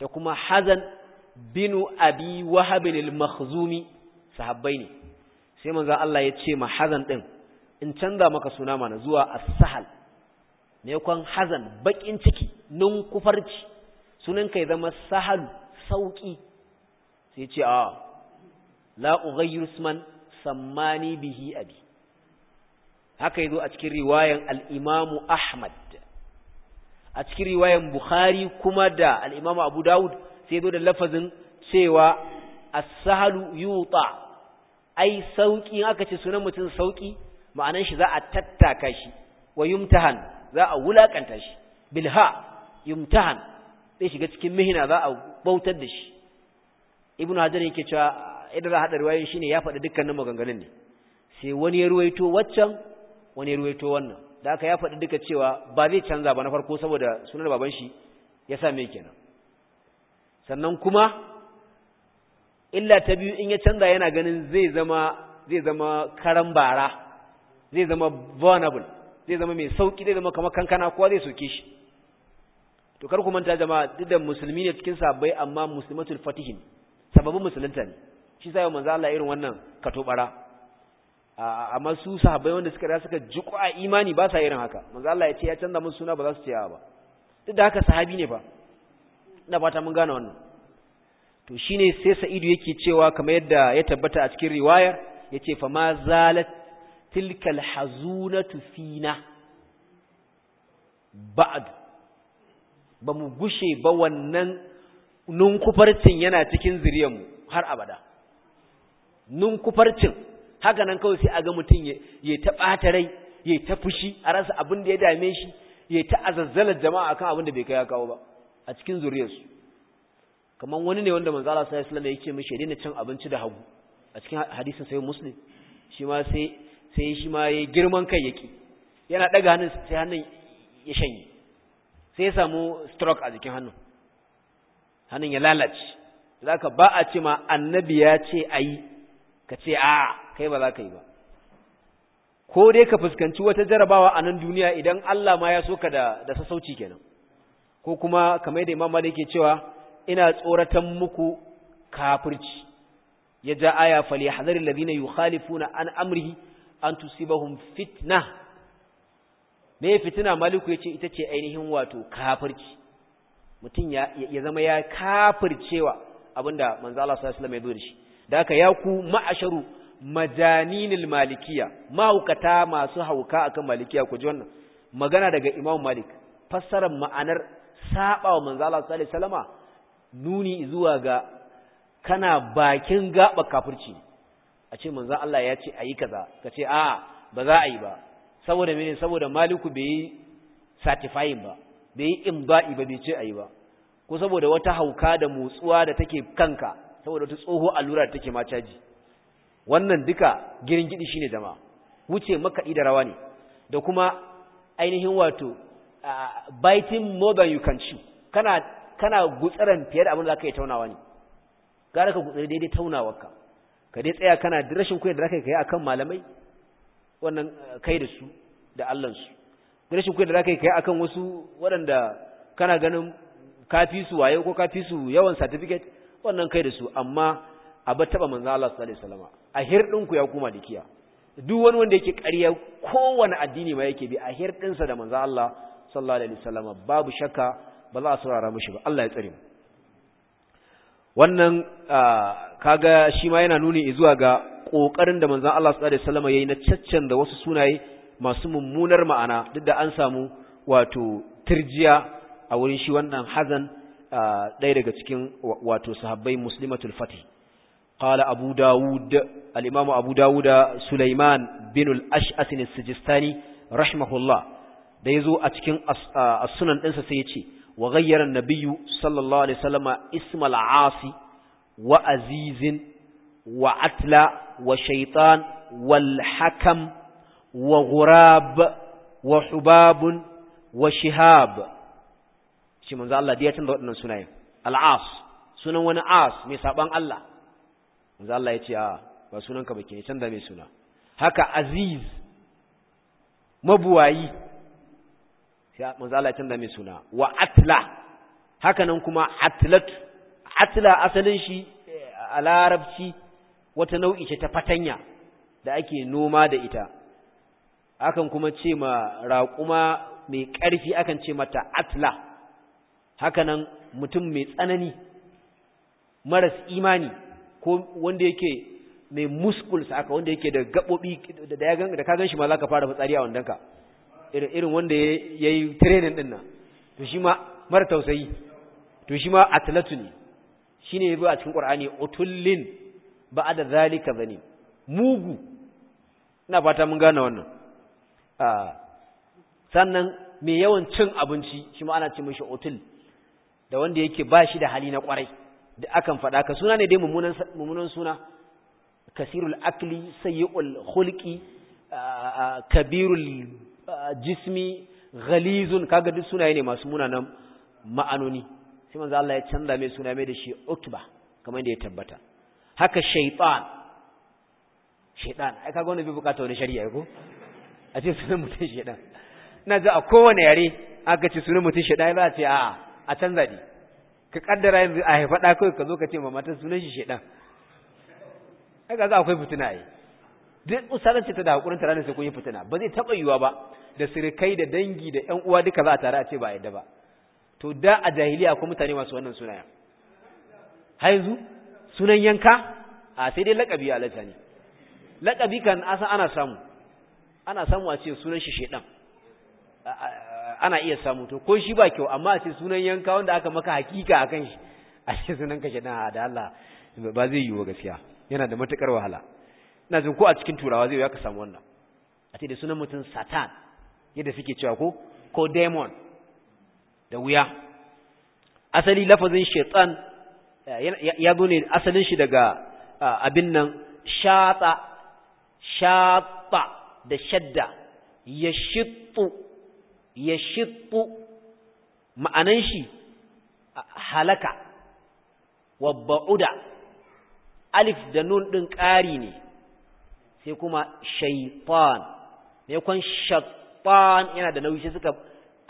da kuma Hazan bin Abi Wahab al-Makhzumi sahabbai ne sai manzon Allah ya ce ma Hazan din in canza maka suna mana zuwa As-Sahal ne kwan Hazan bakin ciki nun kufarci sunan kai zama Sahal sauki sai ce a ah, la ughayyiru isman sammani bihi abi haka yazo a cikin riwayan al'imamu imam Ahmad a cikin riwayan Bukhari kuma da al Abu Dawud sai yazo da lafazin cewa as-sahlu yuta ai sauki aka ce sunan mutum sauki ma'anan shi za a tattaka shi wa yumtahan za a wulakanta shi bilha yumtahan zai shiga cikin mihina za a bautar da shi ibnu hajar yake cewa idan za haɗa shi shine ya faɗi dukkanin maganganun ne sai wani ya ruwaito waccan wani ya ruwaito wannan da aka ya faɗi duka cewa ba zai canza ba na farko saboda sunar baban shi ya sa mai kenan sannan kuma illa ta biyu in ya canza yana ganin zai zama zai zama karan bara zai zama vulnerable zai zama mai sauki zai zama kamar kankana kowa zai soke shi to kar ku manta jama'a duk da musulmi ne cikin sabai amma muslimatul fatihin sababin musulunta ne shi sai manzo Allah irin wannan katobara amma su sahabbai wanda suka da suka jiku a imani ba sa irin haka manzo Allah ya ce ya canza musu suna ba za su ce ba duk da haka sahabi ne ba ina fata mun gane wannan to shine sai Sa'idu yake cewa kamar yadda ya tabbata a cikin riwayar yace fa ma zalat tilkal hazunatu fina ba'd ba mu gushe ba wannan nunkufarcin yana cikin zuriyarmu har abada nun kufarcin haka nan kawai sai a ga mutum ya ta ɓata rai ya ta fushi a rasa abin da ya dame shi ya ta azazzala jama'a akan abin da bai kai ya kawo ba a cikin zuriyarsu kamar wani ne wanda manzala Allah sallallahu alaihi wasallam yake mishi daina cin abinci da hagu a cikin hadisin sai musulun shi ma sai sai shi ma ya girman kai yake yana ɗaga hannun sai hannun ya shanye sai ya samu stroke a jikin hannun hannun ya lalace zaka ba a ce ma annabi ya ce a yi. ka ce a kai ba za ka yi ba ko dai ka fuskanci wata jarabawa a nan duniya idan Allah ma ya so ka da da sassauci kenan ko kuma kamar da Imam Malik ke cewa ina tsoratan muku kafirci ya ja aya fali hadari ladina yukhalifuna an amrihi an tusibahum fitna me fitina maliku ce ita ce ainihin wato kafirci mutum ya zama ya kafircewa abinda manzo Allah sallallahu alaihi wasallam ya zo da shi da aka ya ma'asharu majaninil malikiya mahaukata masu hauka akan malikiya ku ji wannan magana daga imam malik fassarar ma'anar saba wa manzo Allah sallallahu alaihi nuni zuwa ga kana bakin gaba kafirci a ce manzo Allah ya ce ayi kaza ka ce a'a ba za a yi ba saboda mene saboda maliku bai yi ba bai yi imba'i ba bai ce ayi ba ko saboda wata hauka da motsuwa da take kanka saboda wata tsoho allura da take ma caji wannan duka girin shi shine zama wuce makaɗi da rawa ne da kuma ainihin wato biting more than you can chew kana kana gutsaran fiye da abin da zaka yi taunawa ne gara ka gutsari daidai taunawa ka dai tsaya kana da rashin kunya da zaka yi akan malamai wannan eh, kai da su da Allah su rashin kunya da zaka yi akan wasu waɗanda kana ganin kafi su waye ko kafi su yawan certificate wannan kai da su amma a ba taba manzo Allah sallallahu alaihi wasallam a hirɗinku ya kuma dikiya duk wani wanda yake ƙarya kowane addini ma yake bi a hirɗinsa sa da manzo Allah sallallahu alaihi wasallam babu shakka ba za a saurara mashi ba Allah ya tsare mu wannan kaga shi ma yana nuni zuwa ga ƙoƙarin da manzan Allah sallallahu alaihi wasallam yayi na caccan da wasu sunaye masu mummunar ma'ana duk da an samu wato tirjiya a wurin shi wannan hazan آه، ɗaya daga cikin wato sahabbai muslimatul fatih قال أبو داود الإمام أبو داود سليمان بن الأشأس السجستاني رحمه الله ديزو أتكين السنن إنسا سيتي وغير النبي صلى الله عليه وسلم اسم العاصي وأزيز وعتلى وشيطان والحكم وغراب وحباب وشهاب ce manzo Allah da ya canza waɗannan sunayen al'as sunan wani as mai saban Allah manzo Allah ya ce a ba sunanka bake ne canza mai suna haka aziz mabuwayi sai manzo Allah ya canza mai suna wa atla haka nan kuma atlat atla asalin shi eh, a larabci wata nau'i ce ta fatanya da ake noma da ita akan kuma ce ma raƙuma mai ƙarfi akan ce mata atla hakanan mutum mai tsanani maras imani ko wanda yake mai muscles aka wanda yake da gabobi da ya ganga da ka ganshi ma ka fara fitsari a wandanka irin irin wanda yayi training din nan to shi ma mara tausayi to shi ma atlatu ne shine yabi a cikin qur'ani utullin da zalika zane mugu ina fata mun gane wannan ah, sannan mai yawan cin abinci shi ma ana ce mashi otul da wanda yake ba shi da hali na kwarai da akan faɗa ka suna ne dai mummunan suna kasirul akli sayyi'ul khulqi kabirul jismi ghalizun kaga duk sunaye ne masu munanan ma'anoni sai manzo Allah ya canza mai suna mai da shi utba kamar da ya tabbata haka shaytan shaytan ai kaga wannan bai bukata wani shari'a ko a ce sunan mutum shaytan na ji a kowane yare aka ce sunan mutum shaytan ba a ce a'a a canza ne ka kaddara yanzu a haifa ɗa kawai ka zo ka ce ma matar sunan shi shaɗan ai za akwai fitina yi duk ce ta da hakurin tare da sai kun yi fitina ba zai taɓa yiwuwa ba da sirikai da dangi da ƴan uwa duka za a tare a ce ba a yadda ba to da a jahiliya akwai mutane masu wannan sunayen har yanzu sunan yanka a sai dai lakabi a ne laƙabi kan asa ana samu ana samu a ce sunan shi shaɗan ana iya samu to ko shi ba kyau amma a ce sunan yanka wanda aka maka hakika akan shi a ce sunan ka shedan ah, da Allah ba zai yi wa gaskiya yana da matukar wahala ina jin ko a cikin turawa zai ya ka samu wannan a ce da sunan mutum satan yadda suke cewa ko ko demon da wuya asali lafazin shaitan ya zo ne asalin shi daga abin nan shata shata da shadda ya shittu ya shittu ma'anan shi halaka wa ba'uda alif da nun ɗin ƙari ne sai kuma shaitan maimakon Shaifan yana da nauyi sai suka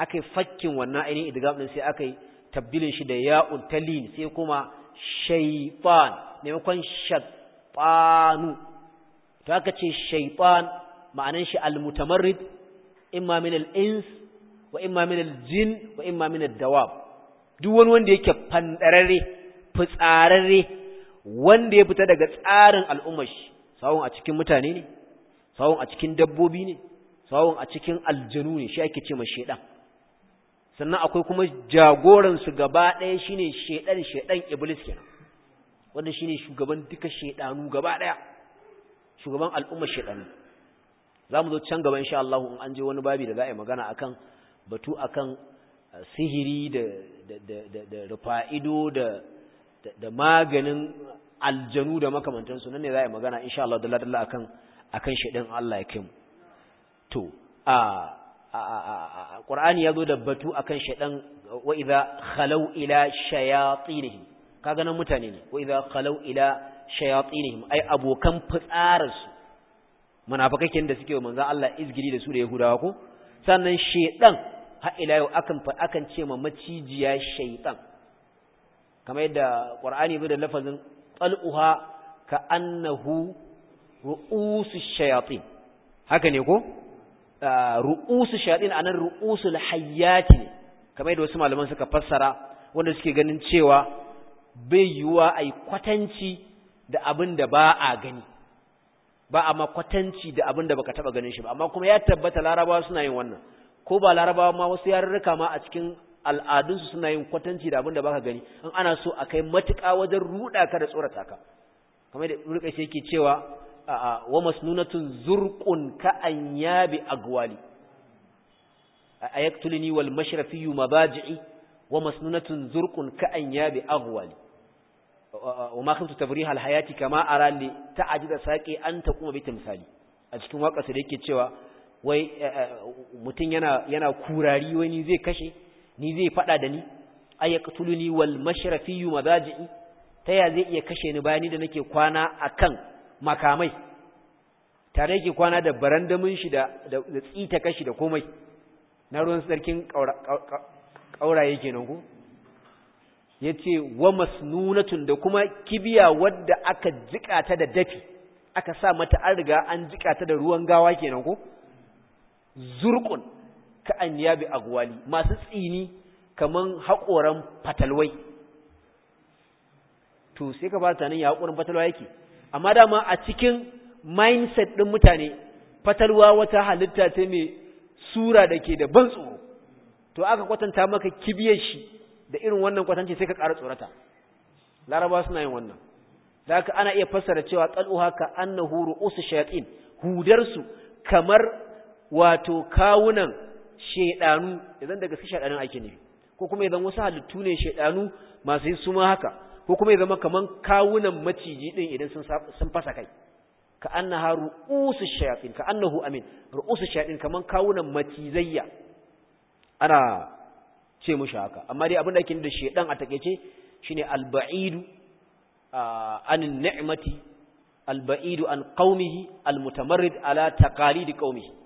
aka fakkin wannan ainihin idgam ɗin sai aka yi tabbilin shi da ya'un talin sai kuma shaitan maimakon Shaifanu, to aka ce Shaifan ma'anan shi almutamarrid imma min al-ins wa imma min al-jin wa imma min ad-dawab duk wani wanda yake fandarare fitsararre wanda ya fita daga tsarin al'ummar shi sawun a cikin mutane ne sawun a cikin dabbobi ne sawun a cikin aljanu ne shi ake ce ma shedan sannan akwai kuma jagoran su gaba ɗaya shine shedan shedan iblis kenan wanda shine shugaban duka shedanu gaba ɗaya shugaban al'ummar shedanu za mu zo can gaba insha Allah in an je wani babi da za a yi magana akan batu akan eh, sihiri da da rufa'ido da da maganin aljanu da makamantansu nan ne za a yi magana insha Allah da ladalla akan akan shedin Allah ya kai mu to a Qur'ani ya zo da batu akan shaidan wa idza khalau ila shayatinihim kaga nan mutane ne wa idza khalau ila shayatinihim ai abokan fitsararsu munafikai da suke wa Allah izgiri da su da Yahudawa ko sannan shedan har ila yau akan ce ma macijiya shaytan kamar yadda qur'ani bai da lafazin tal'uha ka annahu ru'usu shayatin haka ne ko ah, ru'usu shayatin anan ru'usul ne. kamar yadda wasu malaman suka fassara wanda suke ganin cewa bai a ai kwatanci da abin da ba a gani ba a kwatanci da abin da baka taba ganin shi ba amma kuma ya tabbata larabawa suna yin wannan ko ba larabawa ma wasu yarurruka ma a cikin al'adunsu suna yin kwatanci da abin da baka gani in ana so a kai matuƙa wajen ruɗa ka da tsorata ka kamar da rika shi yake cewa wa masnunatun zurqun ka an yabi agwali ayaktulni wal mashrafi mabaji'i wa masnunatun zurqun ka an yabi agwali wa ma khamtu tabriha al hayati kama arali li ta'ajida saqi an kuma bi timsali a cikin waƙarsa da yake cewa wai eh, eh, mutum yana yana kurari wai zai kashe ni zai fada da ni ayaqtuluni wal mashrafiyu madaji'i ta ya zai iya kashe ni bayani da nake kwana akan makamai tare yake kwana da barandamin shi da da tsita kashi da komai na ruwan sarkin kauraye kenan ko yace wa masnunatun da kuma kibiya wadda aka jikata da dafi aka sa mata an riga an jika ta da ruwan gawa kenan ko Zurkun ka an yabi agwali masu tsini kaman haƙoran fatalwai to sai ka ba ta nan ya haƙoran fatalwa yake amma dama a cikin mindset ɗin mutane fatalwa wata halitta ta mai sura da ke da ban tsoro to aka kwatanta maka kibiyar shi da irin wannan kwatanci sai ka ƙara tsorata laraba suna yin wannan da ana iya fassara cewa tsaluha ka annahu ru'usu shayatin hudarsu kamar wato kawunan shaidanu idan daga gaske shedanun ake ne ko kuma idan wasu halittu ne shaidanu masu yi suma haka ko kuma idan kaman kawunan maciji din idan sun fasa kai ka annaha ru'usu shayatin ka annahu amin ru'usu shayatin kaman kawunan macizayya ana ce mu haka amma dai abin da ake da shaidan a takeice shine alba'idu anin ni'mati alba'idu an qaumihi almutamarrid ala taqalidi qaumihi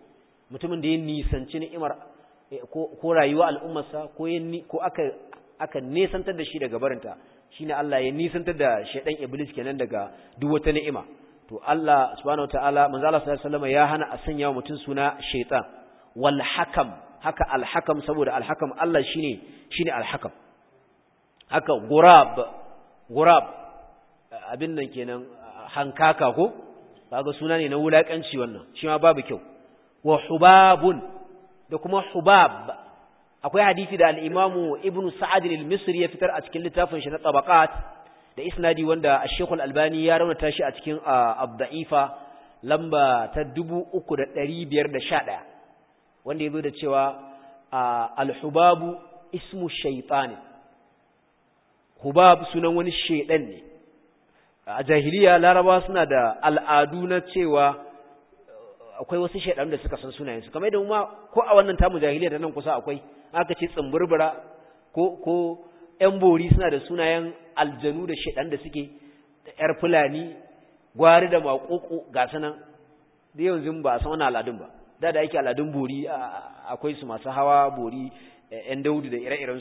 mutumin da ya nisanci ni'imar eh, ko rayuwa al'ummarsa ko ko aka aka nesantar da shi daga barinta shine Allah ya nisantar da shedan iblis kenan daga duk wata ni'ima to Allah subhanahu wataala manzo Allah sallallahu alaihi wasallam ya hana a sanya wa mutum suna shaytan wal hakam haka al hakam saboda al hakam Allah shine shine al hakam haka gurab gurab abin nan kenan hankaka ko kaga suna ne na wulakanci wannan shi ma babu kyau wa hubabun da kuma hubab akwai hadisi da al-imamu ibnu sa'ad al-misri ya fitar a cikin littafin shi na tabaqat da isnadi wanda ash-shaykh al-albani ya raunata shi a cikin abda'ifa lamba ta 3511 wanda yazo da cewa al-hubabu ismu shaytan hubab sunan wani shaydan ne a jahiliya larabawa suna da al'adu na cewa akwai wasu shaidanu da suka san sunayensu kamar yadda ma ko a wannan tamu jahiliya da nan kusa akwai aka ce tsumburbura ko ko yan bori suna da sunayen aljanu da shaidan da suke da yar fulani gwari da makoko ga sanan da yanzu ba a san wannan al'adun ba da da yake al'adun bori akwai su masu hawa bori eh, ƴan daudu da ire-iren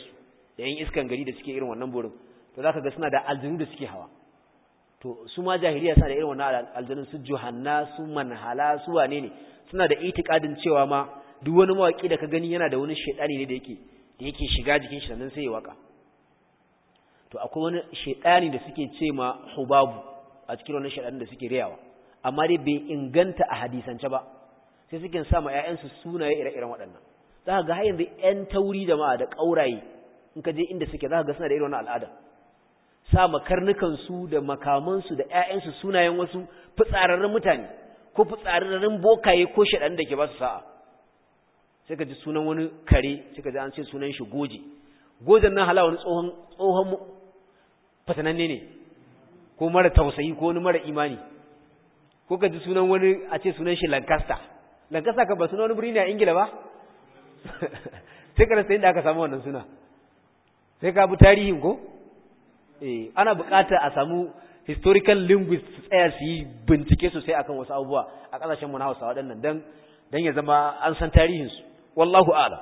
da yan iskan gari da suke irin wannan borin to zaka ga suna da aljanu da suke hawa to su ma jahiliya suna da irin wannan aljanun su juhanna su manhala su wane ne suna da itikadin cewa ma duk wani mawaki da ka gani yana da wani shedani ne da yake da yake shiga jikin shi sannan sai ya waka to akwai wani shedani da suke ce hubabu a cikin wannan shedanin da suke riyawa amma dai bai inganta a hadisance ba sai suke sa ma ƴaƴansu sunaye ire-iren waɗannan za ga har yanzu ƴan tauri jama'a da ƙauraye in ka je inda suke za a ga suna da irin wannan al'ada sa makarnukansu da makamansu da ‘ya'yansu sunayen wasu fitsararren mutane ko fitsararren bokaye ko shaɗan da ke ba su sa'a sai ka ji sunan wani kare sai ka ji an ce sunan shi goje gojen nan halawa wani tsohon fatananne ne ko mara tausayi ko wani mara imani ko ka ji sunan wani a ce sunan shi lancaster lancaster ka ba sunan wani birni a ingila ba sai ka rasa inda aka samu wannan suna sai ka bi tarihin ko eh ana bukata a samu historical linguist su tsaya su yi bincike sosai akan wasu abubuwa a kasashen mu na Hausa waɗannan dan dan ya zama an san tarihin su wallahu a'lam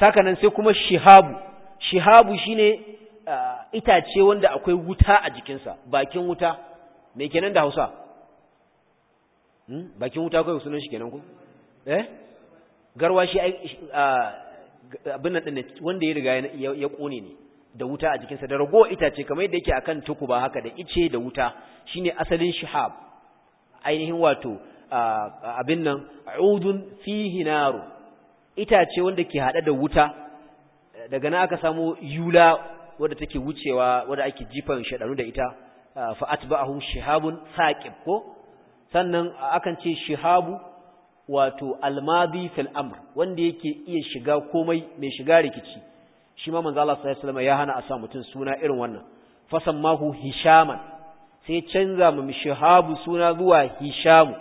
sakanan sai kuma shihabu shihabu shine eh, itace wanda akwai wuta a jikinsa bakin wuta me kenan da Hausa hmm bakin wuta kai sunan shi kenan ku eh garwashi eh, abin nan din wanda ya riga ya kone ne da wuta a jikinsa da rago itace kamar yadda yake akan tukuba haka da ice da wuta shine asalin shihab ainihin wato abin nan udun fihi naru itace wanda ke hada da wuta daga na aka samu yula wadda take wucewa wadda ake jifan shaɗaru da ita a hun shihabun saƙib ko sannan akan ce shihabu wato almabi fil’amur wanda yake iya shiga komai mai shiga rikici shi ma manzo Allah sallallahu alaihi wasallam ya hana a sa mutum suna irin wannan sammahu hishaman sai canza mu shihabu suna zuwa hisham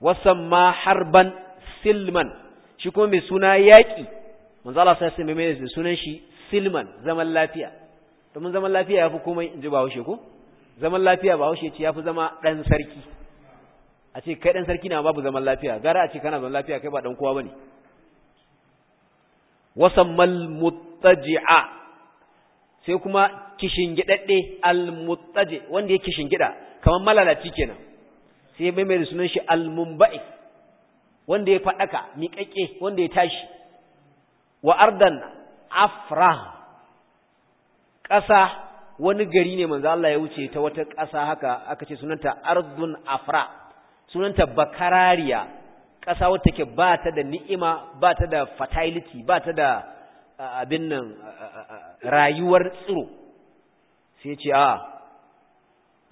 wasamma harban silman shi kuma mai suna yaki manzo Allah sallallahu alaihi wasallam mai sunan shi silman zaman lafiya mun zaman lafiya yafi komai inji ba haushe ko zaman lafiya ba haushe ce yafi zama dan sarki a ce kai dan sarki na babu zaman lafiya gara a ce kana zaman lafiya kai ba dan kowa bane wasammal muttaji'a sai kuma kishingidadde al-muttaji wanda ya kishingida kamar malalaci kenan sai mai mai sunan shi al wanda ya fadaka miƙaƙe wanda ya tashi wa ardan afra ƙasa wani gari ne manzo Allah ya wuce ta wata ƙasa haka aka ce sunanta ardun afra sunanta bakarariya ƙasa wata ke ba ta da ni'ima ba ta da fataliti ba ta da abin nan rayuwar tsiro sai ce a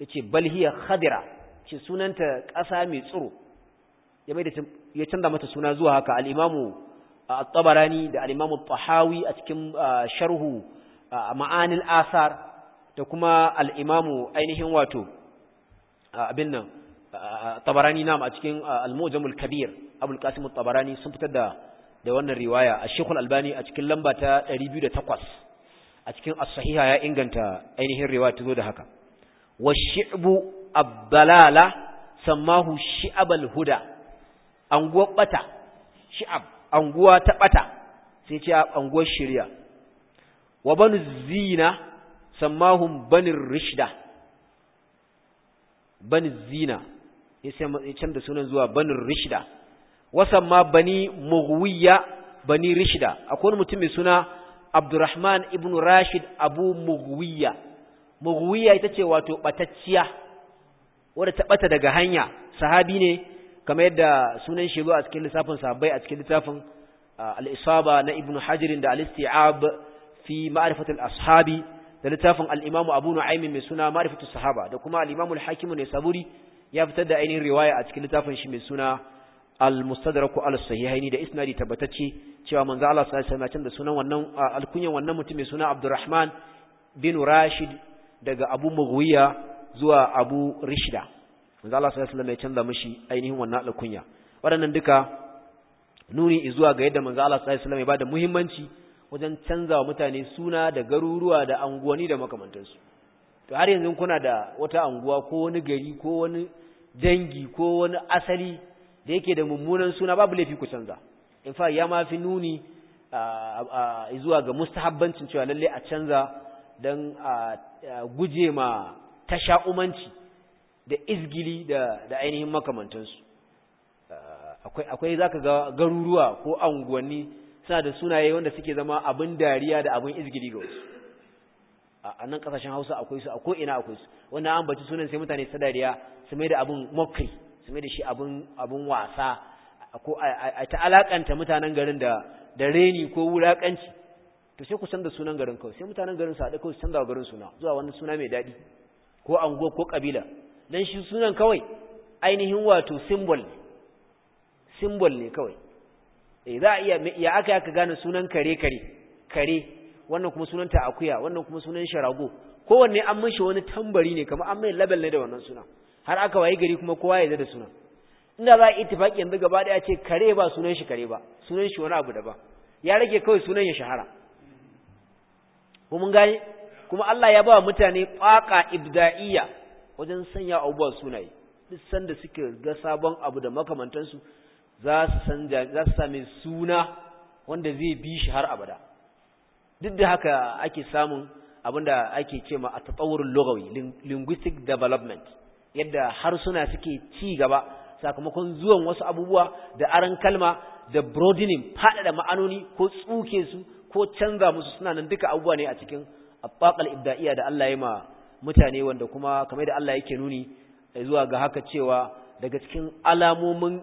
ce balhiyar hadira ce sunanta ƙasa mai tsiro ya mai da ya canza mata suna zuwa haka al'imamu a tsabarani da al'imamu tahawi a cikin sharhu a ma'anin asar da kuma al'imamu ainihin wato abin nan tabarani nam a cikin al kabir abul qasim tabarani sun fitar da da wannan riwaya a shekul albani a cikin lamba ta 208 a cikin as-sahiha ya inganta ainihin riwaya ta zo da haka wa shi'bu abdalala sammahu shi'abal huda anguwar bata shi'ab anguwa ta bata sai ce anguwar shirya wa banu zina sammahum banin rishda banu zina ya canza sunan zuwa banin rishda wasamma bani mughwiya bani rishida akwai mutum mai suna abdurrahman ibn rashid abu mughwiya mughwiya ita ce wato batacciya wadda ta bata daga hanya sahabi ne kamar yadda sunan shi a cikin lissafin sahabbai a cikin littafin al-isaba na ibn hajar da al-isti'ab fi ma'rifat al-ashabi da littafin al-imamu abu nu'aym mai suna ma'rifatu sahaba da kuma al-imamu al-hakim ne saburi ya fitar da ainihin riwaya a cikin littafin shi mai suna al-mustadrak al-sahihaini da isnadi tabbatacce cewa manzo Allah sallallahu alaihi wasallam da sunan wannan alkunyan wannan mutum mai suna Abdurrahman bin Rashid daga Abu Mughwiya zuwa Abu Rishda manzo Allah sallallahu alaihi wasallam ya canza mishi ainihin wannan alkunya waɗannan duka nuni zuwa ga yadda manzo Allah sallallahu alaihi wasallam ya bada muhimmanci wajen canza wa mutane suna da garuruwa da anguwani da makamantansu to har yanzu kuna da wata anguwa ko wani gari ko wani dangi ko wani asali da yake da mummunan suna babu laifi ku canza in fa ya ma fi nuni zuwa ga mustahabbancin cewa lalle a canza don guje ma tasha'umanci da izgili da ainihin makamantansu akwai za ka ga garuruwa ko anguwanni suna da sunaye wanda suke zama abin dariya da abin izgili ga wasu a nan kasashen hausa akwai su a ko'ina akwai su wanda an baci sunan sai mutane su dariya su mai da abin mokri su da shi abin wasa ko a ta alakanta mutanen garin da reni ko wulakanci to sai ku san da sunan garin kawai sai mutanen garin su haɗu kawai su canza garin suna zuwa wani suna mai daɗi ko anguwa ko ƙabila don shi sunan kawai ainihin wato simbol ne simbol ne kawai eh, za a iya ya aka aka gane sunan kare kare kare wannan kuma sunan ta akuya wannan kuma sunan sharago kowanne an mishi wani tambari ne kamar an mai label ne da wannan sunan har aka wayi gari kuma kowa ya da sunan inda za a yi ittifaki yanzu gaba daya ce kare ba sunan shi kare ba sunan shi wani abu daban ya rage kawai sunan ya shahara mun gane kuma Allah ya ba mutane kwaka ibda'iyya wajen sanya abubuwa sunaye duk sanda suke ga sabon abu da makamantansu za su san za su sami suna wanda zai bi shi har abada duk da haka ake samun abinda ake cewa a tatawurul lugawi linguistic development yadda harsuna suke ci gaba sakamakon zuwan wasu abubuwa da aran kalma da broadening faɗaɗa ma'anoni ko tsuke su ko canza musu suna nan duka abubuwa ne a cikin abbaqal ibda'iyya da Allah ya ma mutane wanda kuma kamar da Allah yake nuni zuwa ga haka cewa daga cikin alamomin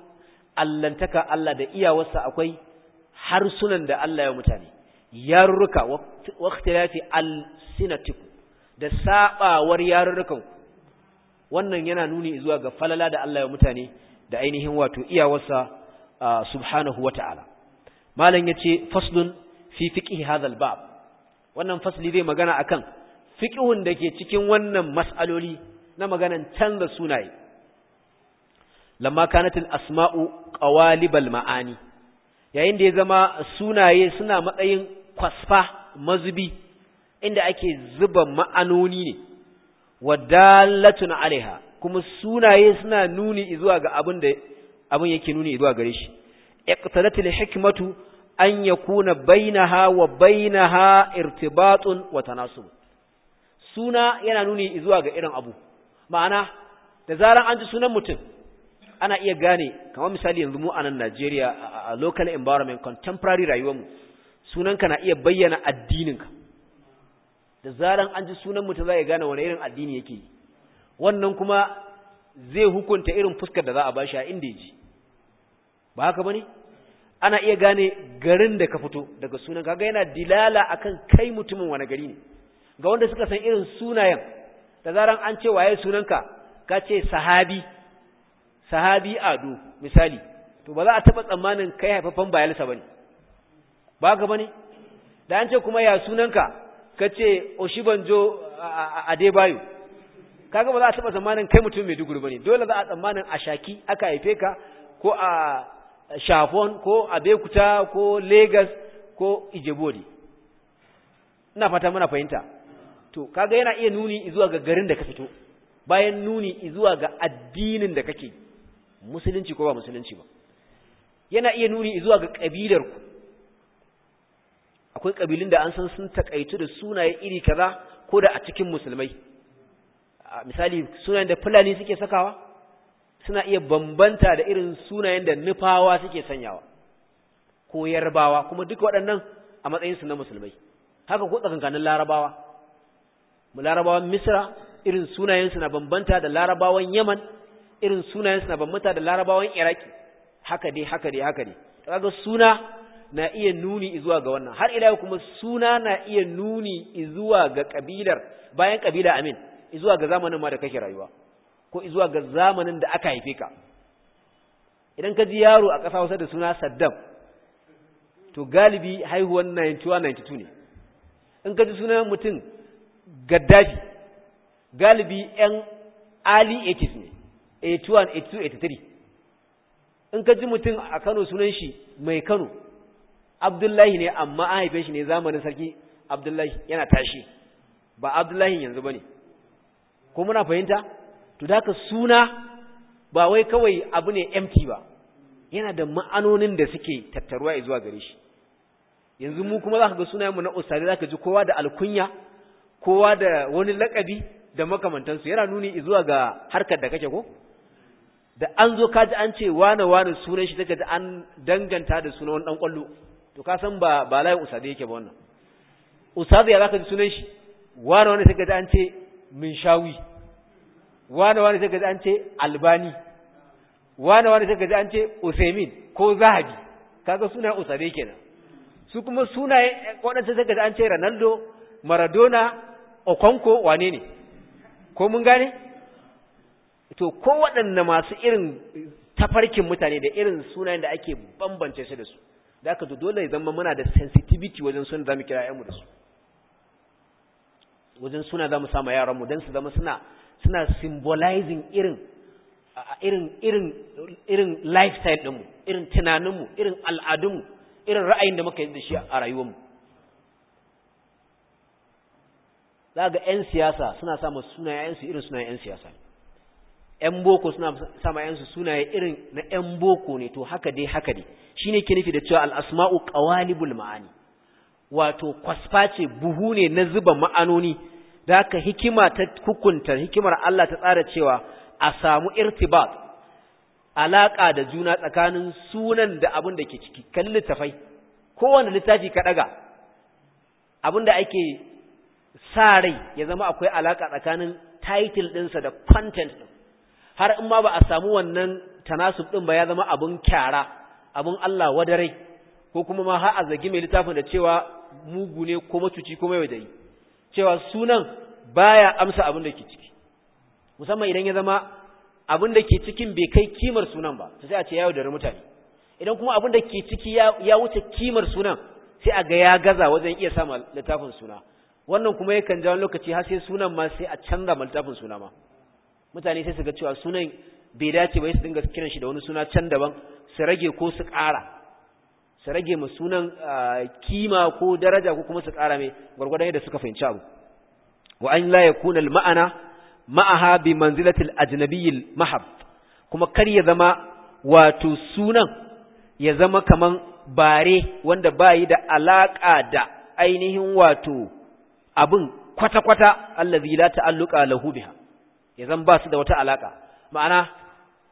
allantaka Allah da iyawarsa akwai harsunan da Allah ya mutane yarurruka waqtilati al-sinatikum da sabawar yarurrukan wannan yana nuni zuwa ga falala da Allah ya mutane da ainihin wato iyawarsa subhanahu wata'ala malam ce faslun fi fiqhi hadha bab wannan fasli zai magana akan da ke cikin wannan mas'aloli na maganan canza sunaye lamma kanat asmau ƙawalibal ma'ani yayin da ya zama sunaye suna matsayin kwasfa mazubi inda ake zuba ma'anoni ne wa na alaiha kuma sunaye suna nuni zuwa ga abin da abin yake nuni zuwa gare shi iqtadatil hikmatu an yakuna bainaha wa bainaha irtibatun wa tanasub suna yana nuni zuwa ga irin abu ma'ana da zaran an ji sunan mutum ana iya gane kamar misali yanzu mu a nan Najeriya a local environment contemporary rayuwar mu, sunanka na iya bayyana addininka da zaran an ji sunan mutum za a gane wani irin addini yake yi wannan kuma zai hukunta irin fuskar da za a bashi a inda ya ji ba haka bane ana iya gane garin da ka fito daga sunan kaga yana dilala akan kai mutumin wani gari ne ga wanda suka san irin sunayen da zaran an ce waye sunanka ka ce sahabi sahabi ado misali to ba za a taba tsammanin kai haifafan bayalsa bane ba haka bane da an ce kuma ya sunanka ka ce oshibanjo a adebayo kaga ba za a taɓa tsammanin kai mutum mai duguru ba dole za a tsammanin a shaki aka haife ka ko a shafon ko a bekuta ko Legas ko ijebodi ina fata muna fahimta to kaga yana iya nuni zuwa ga garin da ka fito bayan nuni zuwa ga addinin da kake musulunci ko ba musulunci ba yana iya nuni zuwa ga kabilar akwai kabilun da an san sun takaitu da sunaye iri kaza ko da a cikin musulmai misali sunayen da fulani suke sakawa suna iya bambanta da irin sunayen da nufawa suke sanyawa ko yarbawa kuma duk waɗannan a matsayinsu na musulmai haka ko tsakankanin larabawa larabawan misra irin sunayensu na bambanta da larabawan yaman irin sunayensu na bambanta da larabawan iraki haka dai haka dai haka dai kaga suna na iya nuni zuwa ga wannan har ila kuma suna na iya nuni zuwa ga kabilar bayan kabila amin zuwa ga zamanin ma da kake rayuwa ko zuwa ga zamanin da aka haife ka idan ka ji yaro a ƙasa wasa da suna Saddam to galibi haihuwar 91-92 ne in ka ji sunan mutum Gaddafi galibi 'yan Ali 80 ne 81, 82, 83 in ka ji mutum a Kano sunan shi mai Kano abdullahi ne amma an haife shi ne zamanin sarki abdullahi yana tashi ba abdullahi yanzu ba ne ko muna fahimta to da suna ba wai kawai abu ne empty ba yana da ma'anonin da suke tattaruwa zuwa gare shi yanzu mu kuma za ka ga mu na ustari za ka ji kowa da alkunya kowa da wani lakabi da makamantansu yana nuni zuwa ga harkar da kake ko da an zo kaji an ce wane wane sunan shi daga da an danganta da sunan wani dan kwallo to ka san ba ba lai ustadi yake ba wannan ustadi ya zaka ji sunan shi wani wani sai ka ji an ce minshawi wani wani sai ka ji an ce albani wani wani sai ka ji an ce usaimin ko zahabi kaga suna yake kenan su kuma sunaye wadanda sai ka ji an ce ronaldo maradona okonko wane ne ko mun gane to ko waɗanne masu irin tafarkin mutane da irin sunayen da ake bambance su da su da aka dole zama muna da sensitivity wajen suna za mu kira ‘yanmu da su wajen suna za mu sama yaranmu don su zama suna suna symbolizing irin irin irin irin lifestyle ɗinmu irin tunaninmu irin al'adunmu irin ra'ayin da muka yi da shi a rayuwarmu za ga 'yan siyasa suna sama 'yansu irin sunayen 'yan siyasa 'yan boko suna sama 'yansu sunaye irin na 'yan boko ne to haka dai haka dai ne ke nufi da cewa Al'asmau ƙawalibul ma'ani wato kwasfa ce buhu ne na zuba ma'anoni da aka hikima ta hukunta hikimar Allah ta tsara cewa a samu irtibat alaƙa da juna tsakanin sunan da abin da ke ciki kan littafai kowane littafi ka ɗaga, abin da ake sa rai ya zama akwai alaƙa tsakanin title ɗinsa da content ɗin har in ma ba a samu wannan tanasub ɗin ba ya zama abin kyara abin Allah wadarai ko kuma ma har a mai littafin da cewa mugu ne ko matuci ko mai wadai cewa sunan baya amsa abin da ke ciki musamman idan ya zama abin da ke cikin bai kai kimar sunan ba sai a ce ya yaudare mutane idan kuma abin da ke ciki ya wuce kimar sunan sai a ga ya gaza wajen iya sama littafin suna wannan kuma yakan jawo lokaci har sai sunan ma sai a canza ma littafin suna ma mutane sai su ga cewa sunan bai dace ba su dinga kiran shi da wani suna can daban su rage ko su ƙara su rage ma sunan kima ko daraja ko kuma su kara mai gwargwadon yadda suka fahimci abu wa an la yakuna al ma'ana ma'aha bi manzilati ajnabiyil mahab kuma kar ya zama wato sunan ya zama kaman bare wanda bayi da alaka da ainihin wato abin kwata-kwata allazi la ta'alluqa lahu biha ya zan ba su da wata alaka ma'ana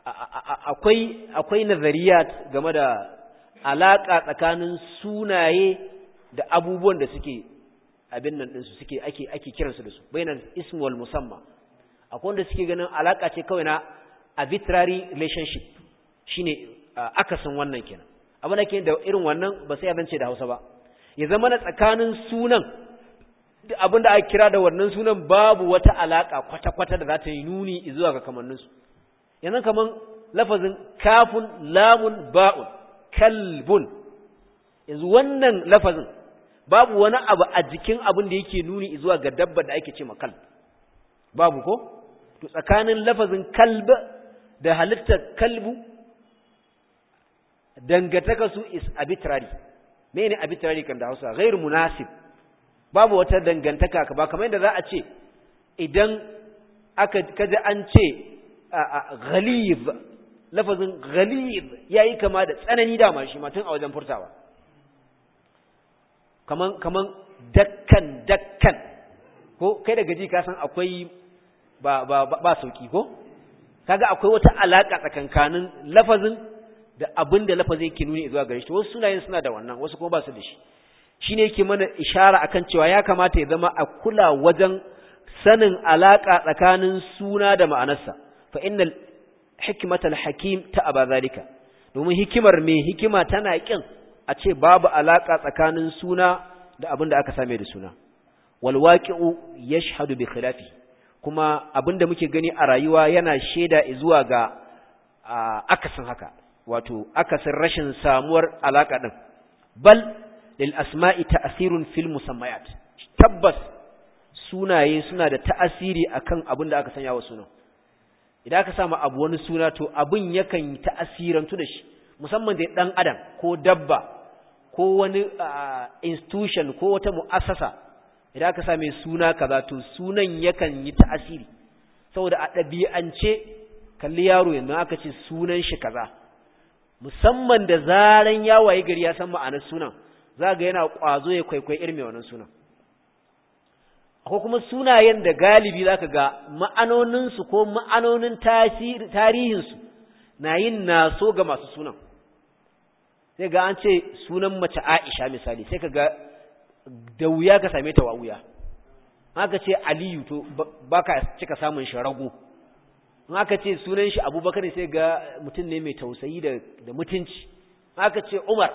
akwai akwai nazariyat game da alaka tsakanin sunaye da abubuwan da suke abin nan ɗinsu suke ake ake kiransu da su bayanan ismu wal musamma akwai wanda suke ganin alaka ce kawai na arbitrary relationship shine akasin wannan kenan abin da ke da irin wannan ba sai ce da Hausa ba ya zama na tsakanin sunan abin da ake kira da wannan sunan babu wata alaka kwata-kwata da za ta yi nuni zuwa ga kamanninsu yanzu kaman lafazin kafun lamun ba'un kalbun yanzu wannan lafazin babu wani abu a jikin abin da yake nuni zuwa ga dabba da ake ce ma kalb babu ko to tsakanin lafazin kalb da halittar kalbu dangantaka su is arbitrary menene arbitrary kan da Hausa ghairu munasib babu wata dangantaka ka ba kamar yadda za a ce idan aka kaje an ce ghalib lafazin ghalib yayi kama da tsanani dama shi ma tun a wajen furtawa kaman kaman dakkan dakkan ko kai daga ji ka san akwai ba ba ba sauki ko kaga akwai wata alaka tsakankanin lafazin da abin da lafazin yake nuni zuwa gare shi wasu sunayen suna da wannan wasu kuma ba su da shi shine yake mana ishara akan cewa ya kamata ya zama a kula wajen sanin alaka tsakanin suna da ma'anarsa fa innal hikmatal hakim ta aba domin hikimar mai hikima tana kin a ce babu alaka tsakanin suna da abin da aka same da suna wal waqi'u yashhadu bi khilafi kuma abin da muke gani a rayuwa yana shaida zuwa ga akasin haka wato akasin rashin samuwar alaka din bal lil asma'i ta'sirun fil musammayat tabbas sunaye suna da ta'asiri akan abin da aka sanya wa sunan idan aka sama abu wani suna to abin yakan yi ta'asirantu da shi musamman da ɗan adam ko dabba ko wani institution ko wata mu'assasa idan aka mai suna kaza to sunan yakan yi ta'asiri saboda a ɗabi'ance kalli yaro yanzu aka ce sunan shi kaza musamman da zaran ya waye gari ya san ma'anar sunan za ga yana ƙwazo ya kwaikwayi irin mai wannan sunan ko kuma sunayen da galibi za ka ga ma'anoninsu ko ma'anonin tarihinsu na yin naso ga masu sunan sai ga an ce sunan mace Aisha misali sai ka ga da wuya ka same ta wuya haka ce Aliyu to ba ka cika samun shi rago haka ce sunan shi Abubakar sai ga mutum ne mai tausayi da mutunci haka ce Umar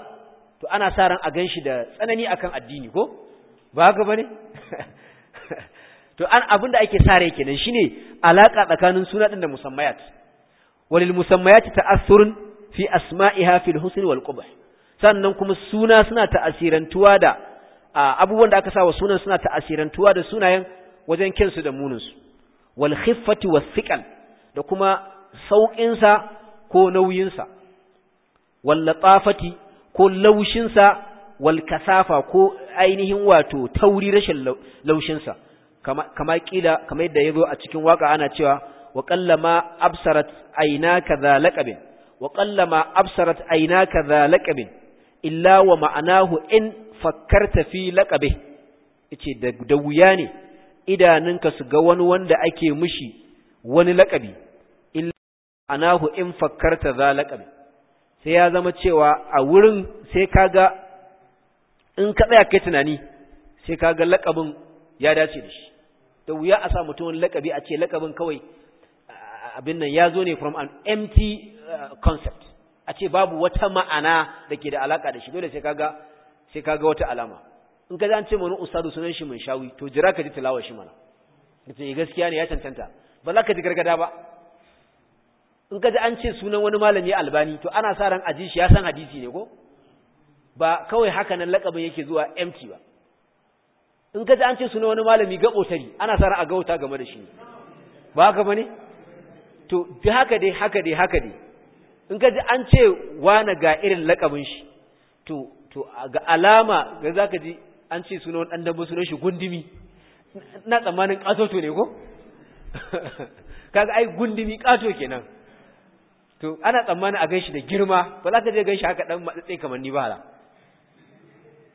to ana sa ran a gan shi da tsanani akan addini ko ba haka bane to an abin da ake sare kenan shine alaka tsakanin suna din da musammayat walil musammayat ta'assurun fi asma'iha fil husn wal qubh sannan kuma suna suna ta'asirantuwa da abubuwan da aka sa wa sunan suna ta'asirantuwa da sunayen wajen kinsu da munansu. Walhiffati wal khiffati was thiqal da kuma saukin sa ko nauyin sa wal latafati ko laushin sa wal kasafa ko ainihin wato tauri rashin laushin sa kama kila kama yadda yazo a cikin waka ana cewa wa qallama absarat aynaka zalaqabin wa qallama absarat aynaka illa wa ma'anahu in fakkarta fi laqabe yace da, da wuya ne idanunka su ga wani wanda ake mishi wani laqabi illa anahu in fakkarta zalaqabi sai ya zama cewa a wurin sai kaga in ka tsaya kai tunani sai kaga laqabin ya dace da shi da wuya a sa mutum wani lakabi a ce lakabin kawai abin nan ya zo ne from an empty uh, concept a ce babu wata ma'ana da ke da alaka da shi dole sai kaga sai kaga wata alama in ka an ce mana ustadu sunan shi mun shawi to jira ka ji tilawar shi mana yi eh, gaskiya ne ya cancanta ba za ka ji gargada ba in ka ji an ce sunan wani malami albani to ana sa ran aji shi ya san hadisi ne ko ba kawai haka nan lakabin yake zuwa empty ba in ka ji an ce su ne wani malami gaɓotari ana sa a gauta game da shi ba haka ba ne to bi haka dai haka dai haka dai in ka ji an ce wane ga irin lakabin shi to to ga alama ga za ka ji an ce su ne wani ɗan sunan shi gundumi na tsammanin ƙatoto ne ko kaga ai gundumi ƙato kenan to ana tsammanin a gan shi da girma ba za ka je gan shi haka ɗan matsatsai kamar ni ba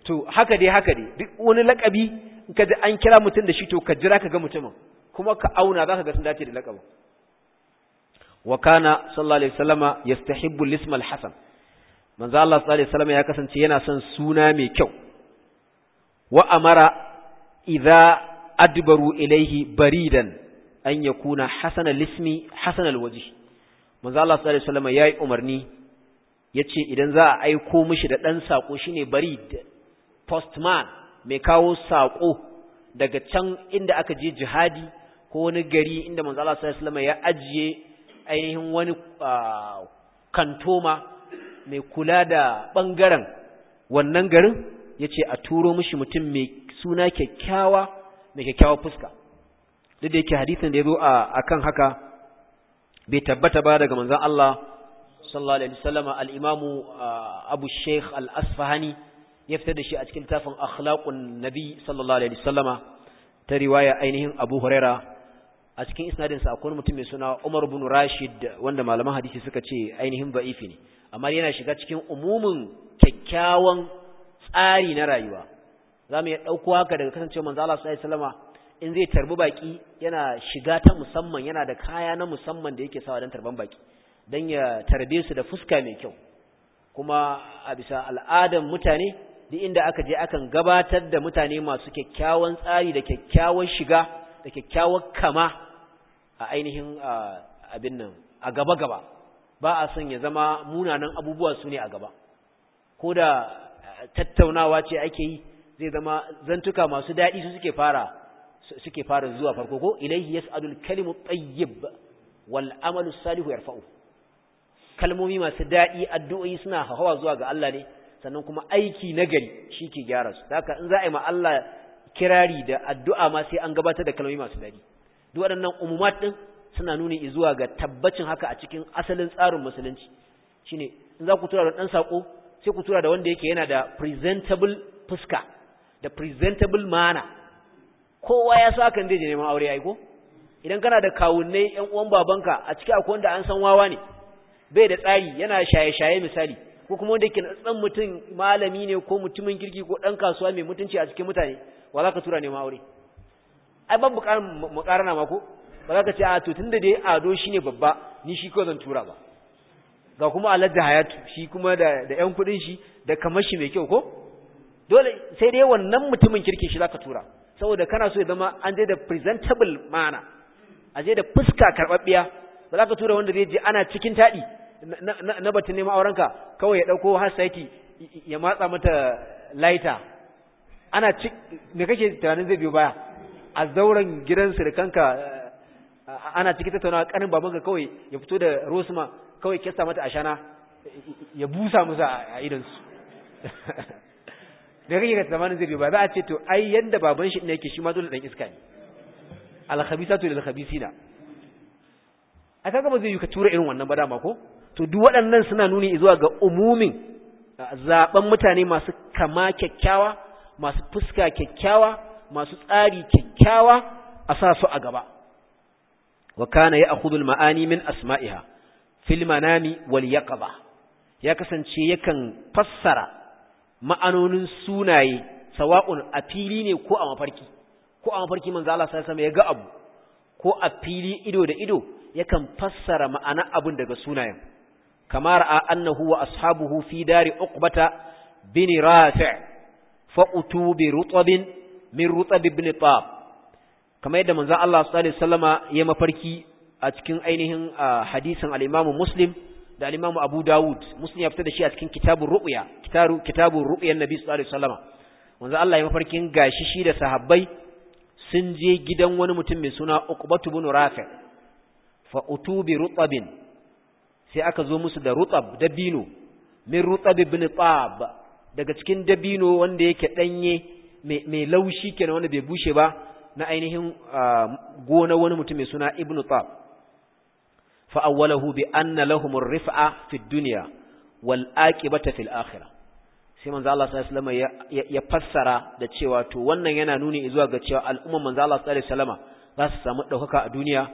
to haka dai haka dai duk wani lakabi in ka ji an kira mutum da shi to ka jira ka ga mutumin kuma ka auna zaka ga sun dace da lakabin wa kana sallallahu alaihi wasallama yastahibbu lism al-hasan manzo Allah sallallahu alaihi wasallama ya kasance yana son suna mai kyau wa amara idza adbaru ilaihi baridan an yakuna hasan al-ismi hasan al-wajh manzo Allah sallallahu alaihi wasallama yayi umarni yace idan za a aiko mishi da dan sako shine barid postman mai kawo saƙo daga can inda aka je jihadi ko wani gari inda manzo Allah sallallahu alaihi ya ajiye ainihin wani kantoma mai kula da bangaren wannan garin ya ce a turo mishi mutum mai suna kyakkyawa mai kyakkyawa fuska duk da yake hadisin da ya zo akan haka bai tabbata ba daga manzon Allah sallallahu alaihi wasallam al-imamu Abu Sheikh al-Asfahani ya fitar da shi a cikin tafin akhlaqun nabi sallallahu alaihi wasallama ta riwaya ainihin Abu Huraira a cikin isnadin sa akwai mutum mai suna Umar ibn Rashid wanda malaman hadisi suka ce ainihin ba'ifi ne amma yana shiga cikin umumin kyakkyawan tsari na rayuwa zamu ya dauko haka daga kasancewa manzo Allah sallallahu alaihi in zai tarbi baki yana shiga ta musamman yana da kaya na musamman da yake sawa dan tarban baki dan ya tarbe su da fuska mai kyau kuma a bisa al'adan mutane duk inda aka je akan gabatar da mutane masu kyakkyawan tsari da kyakkyawan shiga da kyakkyawan kama a ainihin abin nan a gaba-gaba ba a son ya zama munanan abubuwa su ne a gaba ko da tattaunawa ce ake yi zai zama zantuka masu daɗi su suke fara suke fara zuwa farko ko ilaihi yas'alul kalimu tayyib wal amalu salihu yarfa'u kalmomi masu daɗi addu'o'i suna hawa zuwa ga Allah ne sannan kuma aiki nagari shi ke gyara su haka in za a yi ma Allah kirari da addu'a ma sai an gabatar da kalmomi masu daɗi duk waɗannan umumat ɗin suna nuni zuwa ga tabbacin haka a cikin asalin tsarin musulunci shine in za ku tura da ɗan saƙo sai ku tura da wanda yake yana da presentable fuska da presentable mana kowa ya sa kan zai je neman aure aiko idan kana da kawunnai ƴan uwan babanka a ciki akwai wanda an san wawa ne bai da tsari yana shaye-shaye misali ko kuma wanda yake natsan mutum malami ne ko mutumin kirki ko dan kasuwa mai mutunci a cikin mutane wa za ka tura ma aure ai ban mukarana ma ko ba za ka ce a to tunda dai ado shine babba ni shi kawai zan tura ba ga kuma da hayatu shi kuma da da yan kudin shi da kamar shi mai kyau ko dole sai dai wannan mutumin kirki shi za ka tura saboda kana so ya zama an je da presentable mana a je da fuska karbabbiya ba za ka tura wanda zai je ana cikin taɗi. na batun neman aurenka kawai ya ɗauko har saiti ya matsa mata laita ana ci me kake tunanin zai biyo baya a zauren gidan sirkanka eh, ana ciki tauna kanin babanka kawai ya fito da rosma kawai kyasta mata ashana ya busa musa a idansu da kake ka tunanin zai biyo baya za a ce to ai yanda baban shi ne yake shi ma dole dan iska ne al khabisatu lil a kaga ba zai yi ka tura irin wannan ba dama ko to duk waɗannan suna nuni zuwa ga umumin zaben mutane masu kama kyakkyawa masu fuska kyakkyawa masu tsari kyakkyawa a sa su a gaba wa kana ya akhudul ma'ani min asma'iha fil manami wal yaqaba ya kasance yakan fassara ma'anonin sunaye sawa'un a fili ne ko a mafarki ko a mafarki manzo Allah sallallahu alaihi ya ga abu ko a fili ido da ido yakan fassara ma'ana abun daga sunayen kama ra'a annahu wa ashabuhu fi dari uqbata bin rafi' fa utu min rutab ibn tab kama yadda manzon Allah sallallahu alaihi wasallama ya mafarki a cikin ainihin hadisin al-Imam Muslim da al Abu Dawud Muslim ya fita da shi a cikin kitabun ru'ya kitabu kitabun nabi sallallahu alaihi wasallama Allah ya mafarkin gashi shi da sahabbai sun je gidan wani mutum mai suna Uqbatu bin Rafi' fa sai aka zo musu da rutab dabino min rutab ibn tab daga cikin dabino wanda yake danye mai laushi kenan wanda bai bushe ba na ainihin ah, gona wani mutum mai suna ibn tab fa awwalahu bi anna lahum ar-rif'a fi dunya wal aqibata fil akhirah sai manzo Allah sallallahu alaihi wasallam ya fassara da cewa to wannan yana nuni zuwa ga cewa al'umman manzo Allah sallallahu alaihi za su samu daukaka a duniya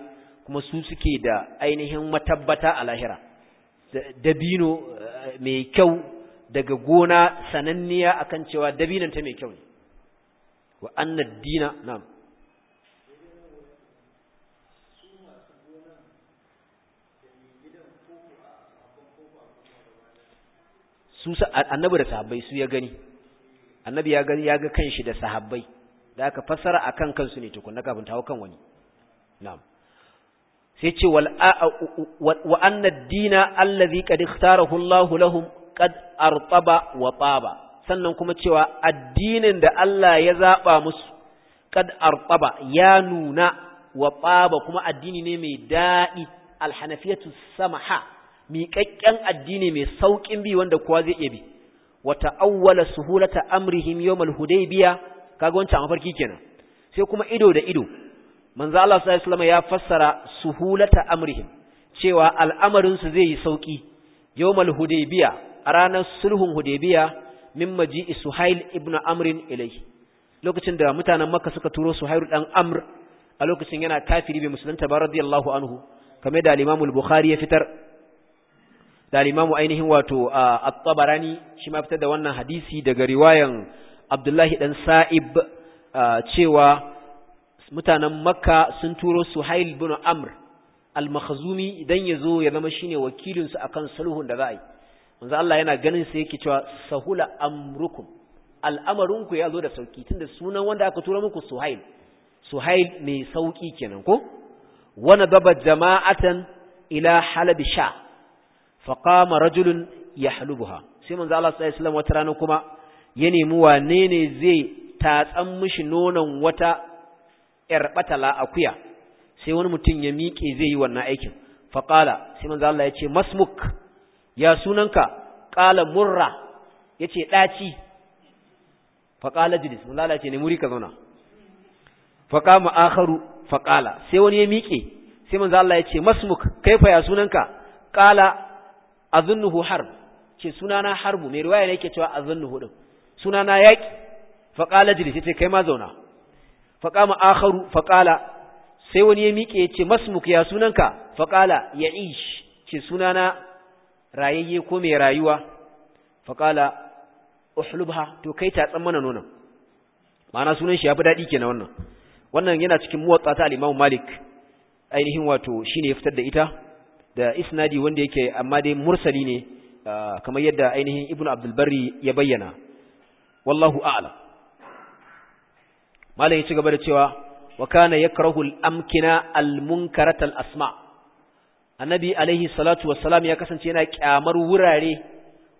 kuma su suke da ainihin matabbata a lahira dabino eh, mai kyau daga gona sananniya akan cewa dabinan ta mai kyau ne wa annad dina na'am su annabi da sahabbai su ya gani annabi ya gani ya ga kanshi da sahabbai da aka fassara akan kansu ne tukunna kafin tawo kan wani na'am sai ce wa annad dina allazi qad ikhtarahu Allahu lahum qad artaba wa taba sannan kuma cewa addinin da Allah ya zaba musu kad artaba ya nuna wa taba kuma addini ne mai dadi alhanafiyatu samaha miƙaƙƙen addini mai sauƙin bi wanda kowa zai iya bi wa ta'awwala suhulata amrihim yawmal hudaybiya kaga wancan farki kenan sai kuma ido da ido manzo Allah sallallahu alaihi ya fassara suhulata amrihim cewa al'amarin su zai yi sauki yawmal hudaybiya a ranar sulhun hudaybiya min maji'i suhail ibn amrin ilayhi lokacin da mutanen makka suka turo suhail dan amr a lokacin yana kafiri bai musulunta ba radiyallahu anhu kamar da al-imam al-bukhari ya fitar da al-imam ainihin wato at-tabarani shi ma fitar da wannan hadisi daga riwayan abdullahi dan sa'ib cewa mutanen makka sun turo suhail bin amr al-makhzumi idan ya zo ya zama shine wakilinsu akan sulhun da za a yi manzo Allah yana ganin sai yake cewa sahula amrukum al'amarinku ya zo da sauki tunda sunan wanda aka tura muku suhail suhail mai sauki kenan ko wana daba jama'atan ila halab sha faqama rajulun yahlubuha sai manzo Allah sallallahu alaihi wasallam wata rana kuma ya nemi wane ne zai tatsan mishi nonon wata yar batala akuya sai wani mutum ya miƙe zai yi wannan aikin faƙala sai manzo Allah ya ce masmuk ya sunanka qala murra yace daci faqala jilis manzo Allah ya ce ne muri ka zauna faqama akharu faƙala sai wani ya miƙe sai manzo Allah ya ce masmuk kaifa ya sunanka qala azunnuhu harb ce sunana harbu mai riwaya ne yake cewa azunnuhu din sunana yaki faqala jidis yace kai ma zauna faqama akharu faƙala sai wani ya miƙe ya ce masmuk ya sunanka faqala ya'ish ce sunana rayayye ko mai rayuwa faƙala. uhlubha to kai ta mana nonon ma'ana sunan shi daɗi dadi kenan wannan wannan yana cikin muwatta ta al Malik ainihin wato shine ya fitar da ita da isnadi wanda yake amma dai mursali ne ah, kamar yadda ainihin ibnu Abdul ya bayyana wallahu a'lam malam ya ci gaba da cewa wa kana yakrahu al-amkina al munkarata al-asma annabi alaihi salatu wassalam ya kasance yana kyamar wurare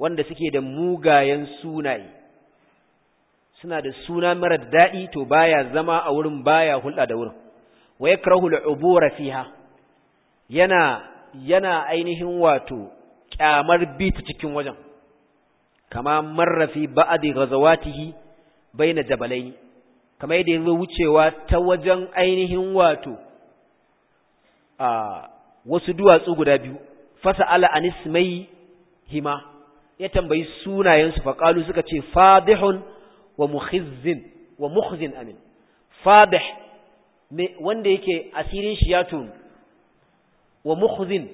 wanda suke da mugayen sunaye suna da suna mara daɗi to baya zama a wurin baya hulɗa da wurin wa yakrahu al-ubura fiha yana yana ainihin wato kyamar bita cikin wajen kama marrafi ba'di ghazawatihi baina jabalaini kamar yadda ya wucewa ta wajen ainihin wato a wasu duwatsu guda biyu fasa anis mai hima ya tambayi sunayensu faƙalu suka ce fadihun wa mukhizin wa mukhzin amin fadih wanda yake asirin shi ya tun wa mukhzin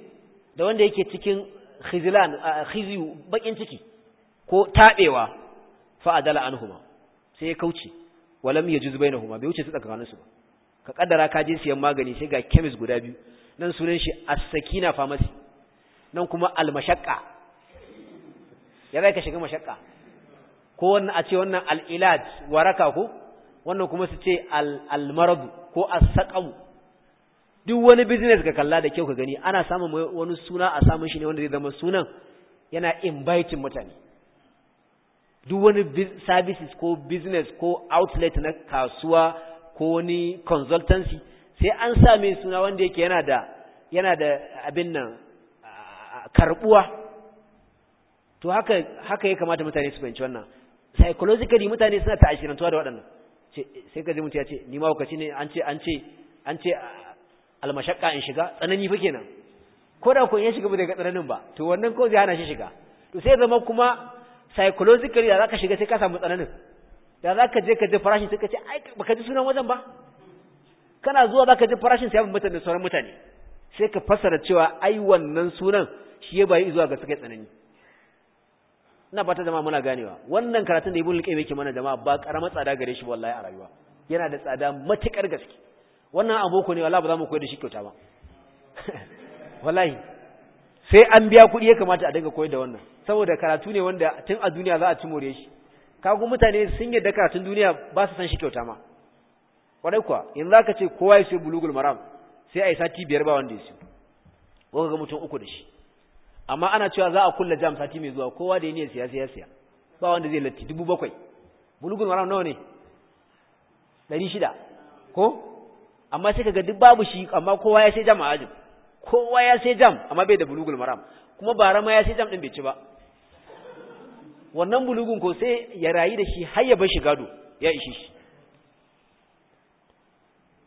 da wanda yake cikin khizlan khiziyu bakin ciki ko tabewa fa adala anhuma sai ya kauce walam yajuz bainahuma bai wuce su tsakanin su ka kaddara ka je siyan magani sai ga chemist guda biyu nan sunan shi as-sakina pharmacy nan kuma al-mashaqqa ya zai ka shiga mashaqqa ko wannan a ce wannan al-ilaj waraka ko wannan kuma su ce al-marad ko as-saqam duk wani business ka kalla da kyau ka gani ana samun wani suna a samun shi ne wanda zai zama sunan yana inviting mutane duk wani services ko business ko outlet na kasuwa ko wani consultancy sai an sa mai suna wanda yake yana da yana da abin nan karbuwa to haka haka ya kamata mutane su fahimci wannan psychologically mutane suna ta'ashirantuwa da waɗannan sai ka ji ya ce ni ma wakaci ne an ce an ce an ce almashakka in shiga tsanani fa kenan ko da kun ya shiga ba daga tsananin ba to wannan ko zai hana shi shiga to sai zama kuma psychologically da zaka shiga sai ka samu tsananin da zaka je ka ji farashin sai ka ce ai baka ji sunan wajen ba kana zuwa zaka ji farashin sai ya bambanta da sauran mutane sai ka fassara cewa ai wannan sunan shi ya bayi zuwa ga suka tsanani ina fata jama'a muna ganewa wannan karatun da ibn qayyim yake mana jama'a ba karamar tsada gare shi wallahi a rayuwa yana da tsada matukar gaske wannan aboko ne wallahi ba za mu koyar da shi kyauta ba wallahi sai an biya kuɗi ya kamata a dinga koyar da wannan saboda karatu ne wanda tun a duniya za a ci more shi kago mutane sun yadda karatun duniya ba su san shi kyauta ma kwarai kuwa yanzu za ka ce kowa ya siyo bulugul maram sai a yi sati biyar ba wanda ya siyo ko ga mutum uku da shi amma ana cewa za a kulla jam sati mai zuwa kowa da ya niyyar siya siya siya ba wanda zai latti dubu bakwai bulugul maram nawa ne ɗari shida ko amma sai ka ga duk babu shi amma kowa ya sai jam a ajin kowa ya sai jam amma bai da bulugul maram kuma bara rama ya sai jam din bai ci ba wannan bulugun ko sai ya rayu da shi har ya bar shi gado ya ishi shi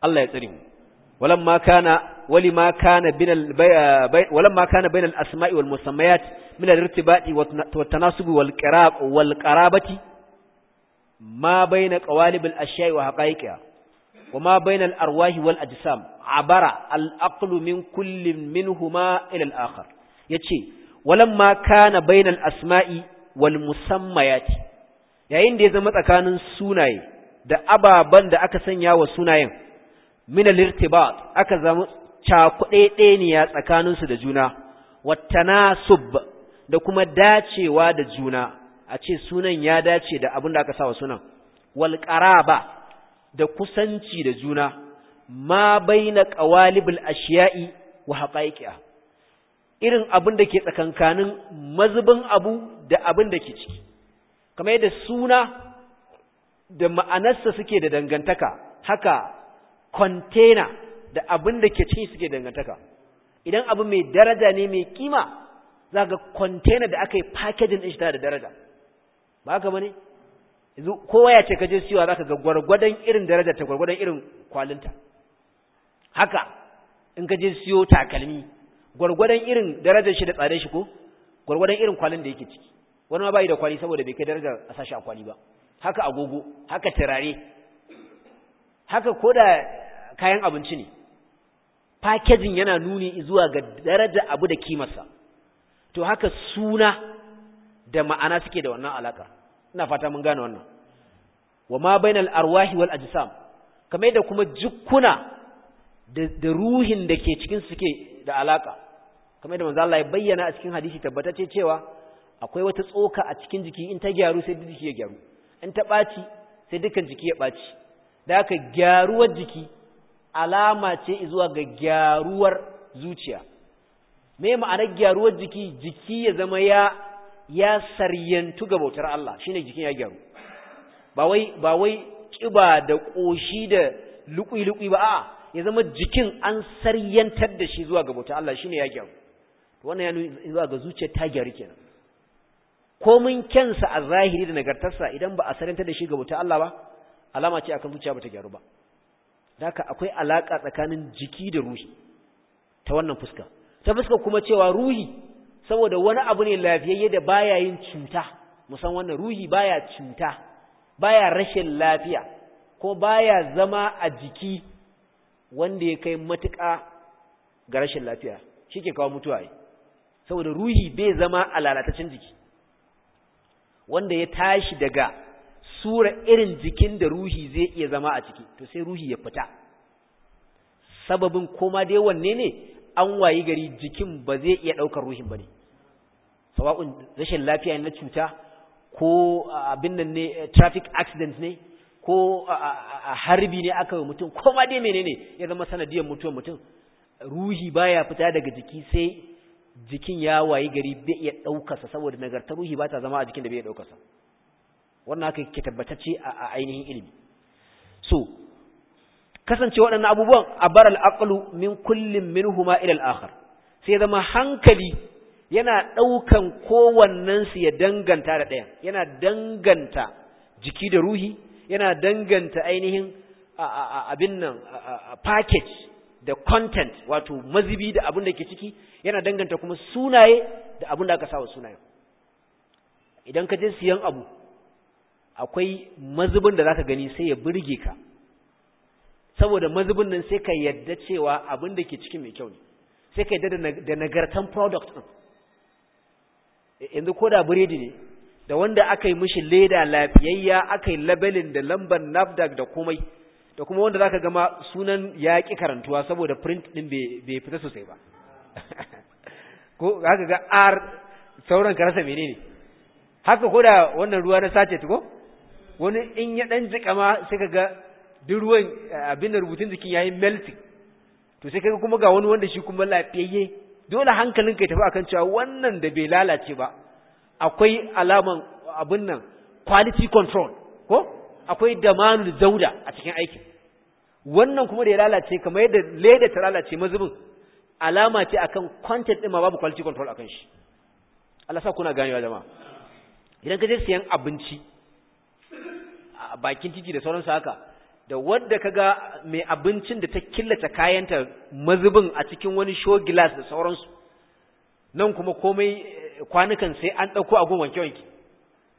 Allah ya tsare mu walamma kana walima kana binal bai walamma kana bainal asma'i wal musammayat min al-irtibati wa tanasubi wal qiraq wal qarabati ma bayna qawalibil ashya'i wa haqa'iqiha وما بين الأرواح والأجسام عبر الأقل من كل منهما إلى الآخر يتشي ولما كان بين الأسماء والمسميات yayin da ya zama tsakanin sunaye da ababan da aka sanya wa sunayen min al-irtibat aka zama cakuɗeɗeniya tsakaninsu da juna wattanasub da kuma dacewa da juna a ce sunan ya dace da abin da aka sa wa sunan wal qaraba da kusanci da juna ma baina qawalibul ashiya'i wa haqaiqiha irin abin da ke tsakankanin mazubin abu da abin da ke ciki kamar yadda suna da ma'anarsa suke da dangantaka haka container da abin da ke ciki suke dangantaka idan abu mai daraja ne mai kima za ga container da aka yi packaging din shi da daraja ba haka bane yanzu kowa ya ce ka je siyowa ka ga gwargwadon irin darajar ta gwargwadon irin kwalinta haka in ka je siyo takalmi gwargwadon irin darajar shi da tsadar shi ko gwargwadon irin kwalin da yake ciki wani ma bai da kwali saboda bai kai darajar a sashi a kwali ba haka agogo haka turare haka ko da kayan abinci ne packaging yana nuni zuwa ga darajar abu da kimarsa to haka suna da ma'ana suke da wannan alaka ina fata mun gane wannan wa ma bainal arwahi wal ajsam kamar da kuma jukkuna da ruhin da ke cikin suke da alaka kamar da manzo Allah ya bayyana a cikin hadisi tabbatacce cewa akwai wata tsoka a cikin jiki in ta gyaru sai jiki ya gyaru in ta baci sai dukkan jiki ya baci da haka gyaruwar jiki alama ce zuwa ga gyaruwar zuciya me ma'anar gyaruwar jiki jiki ya zama ya ya saryantu ga bautar Allah shine jikin ya gyaru ba wai kiba da koshi da lukui lukui ba a ya zama jikin an saryantar da shi zuwa ga bautar Allah shine ya gyaru to wannan ya nuna zuwa ga zuciya ta gyaru kenan komin kyansa a zahiri da nagartarsa idan ba a saryantar da shi ga bautar Allah ba alama ce akan zuciya bata gyaru ba haka akwai alaka tsakanin jiki da ruhi ta wannan fuska ta fuska kuma cewa ruhi saboda wani abu ne lafiyayye da baya yin cuta musan wannan ruhi baya cuta baya rashin lafiya ko baya zama a jiki wanda ya kai matuƙa ga rashin lafiya shi ke kawo mutuwa yi saboda ruhi bai zama a lalatacin jiki wanda ya tashi daga sura irin jikin da ruhi zai iya zama a ciki to sai ruhi ya fita sababin koma dai wanne ne an wayi gari jikin ba zai iya ɗaukar ruhin ba ne sawa'un rashin lafiya na cuta ko abin nan ne eh, traffic accident ne ko harbi ne aka yi mutum ko ma dai menene ya zama sanadiyar mutuwar mutum ruhi baya fita daga jiki sai jikin ya wayi gari bai iya ɗaukarsa saboda nagarta ruhi ba ta zama a jikin da bai iya ɗaukarsa wannan haka ke tabbatacce a ainihin ilimi so kasance waɗannan abubuwan a bar al'aƙalu min kullum min huma ilal akhar sai zama hankali yana ɗaukan kowannensu ya danganta da ɗaya yana danganta jiki da ruhi yana danganta ainihin abin nan package da content wato mazibi da abin da ke ciki yana danganta kuma sunaye da abin da aka sawa sunaye idan ka je siyan abu akwai mazubin da zaka gani sai ya birge ka saboda mazubin nan sai ka yadda cewa abin da ke cikin mai kyau ne sai ka yadda da nagartan product ɗin yanzu ko da biredi ne da wanda aka yi mishi leda lafiyayya aka yi labelin da lambar nafdak da komai da kuma wanda zaka gama sunan ya ƙi karantuwa saboda print ɗin bai fita sosai ba ko haka ga r sauran ka rasa menene haka ko da wannan ruwa na sace ko wani in ya ɗan jika ma sai kaga duk ruwan abin da rubutun jikin yayin melting to sai kaga kuma ga wani wanda shi kuma lafiyayye dole hankalinka ya tafi akan cewa wannan da bai lalace ba akwai alaman abun nan quality control ko akwai damanul dauda a cikin aikin wannan kuma da ya lalace kamar yadda leda ta lalace mazubin alama ce akan content din ma babu quality control akan shi Allah sa kuna ganewa jama'a idan ka je siyan abinci a bakin titi da sauransu haka da wadda ga mai abincin da ta killata kayanta mazubin a cikin wani show glass da sauransu nan kuma komai eh, kwanukan sai an dauko a gun wanke wanke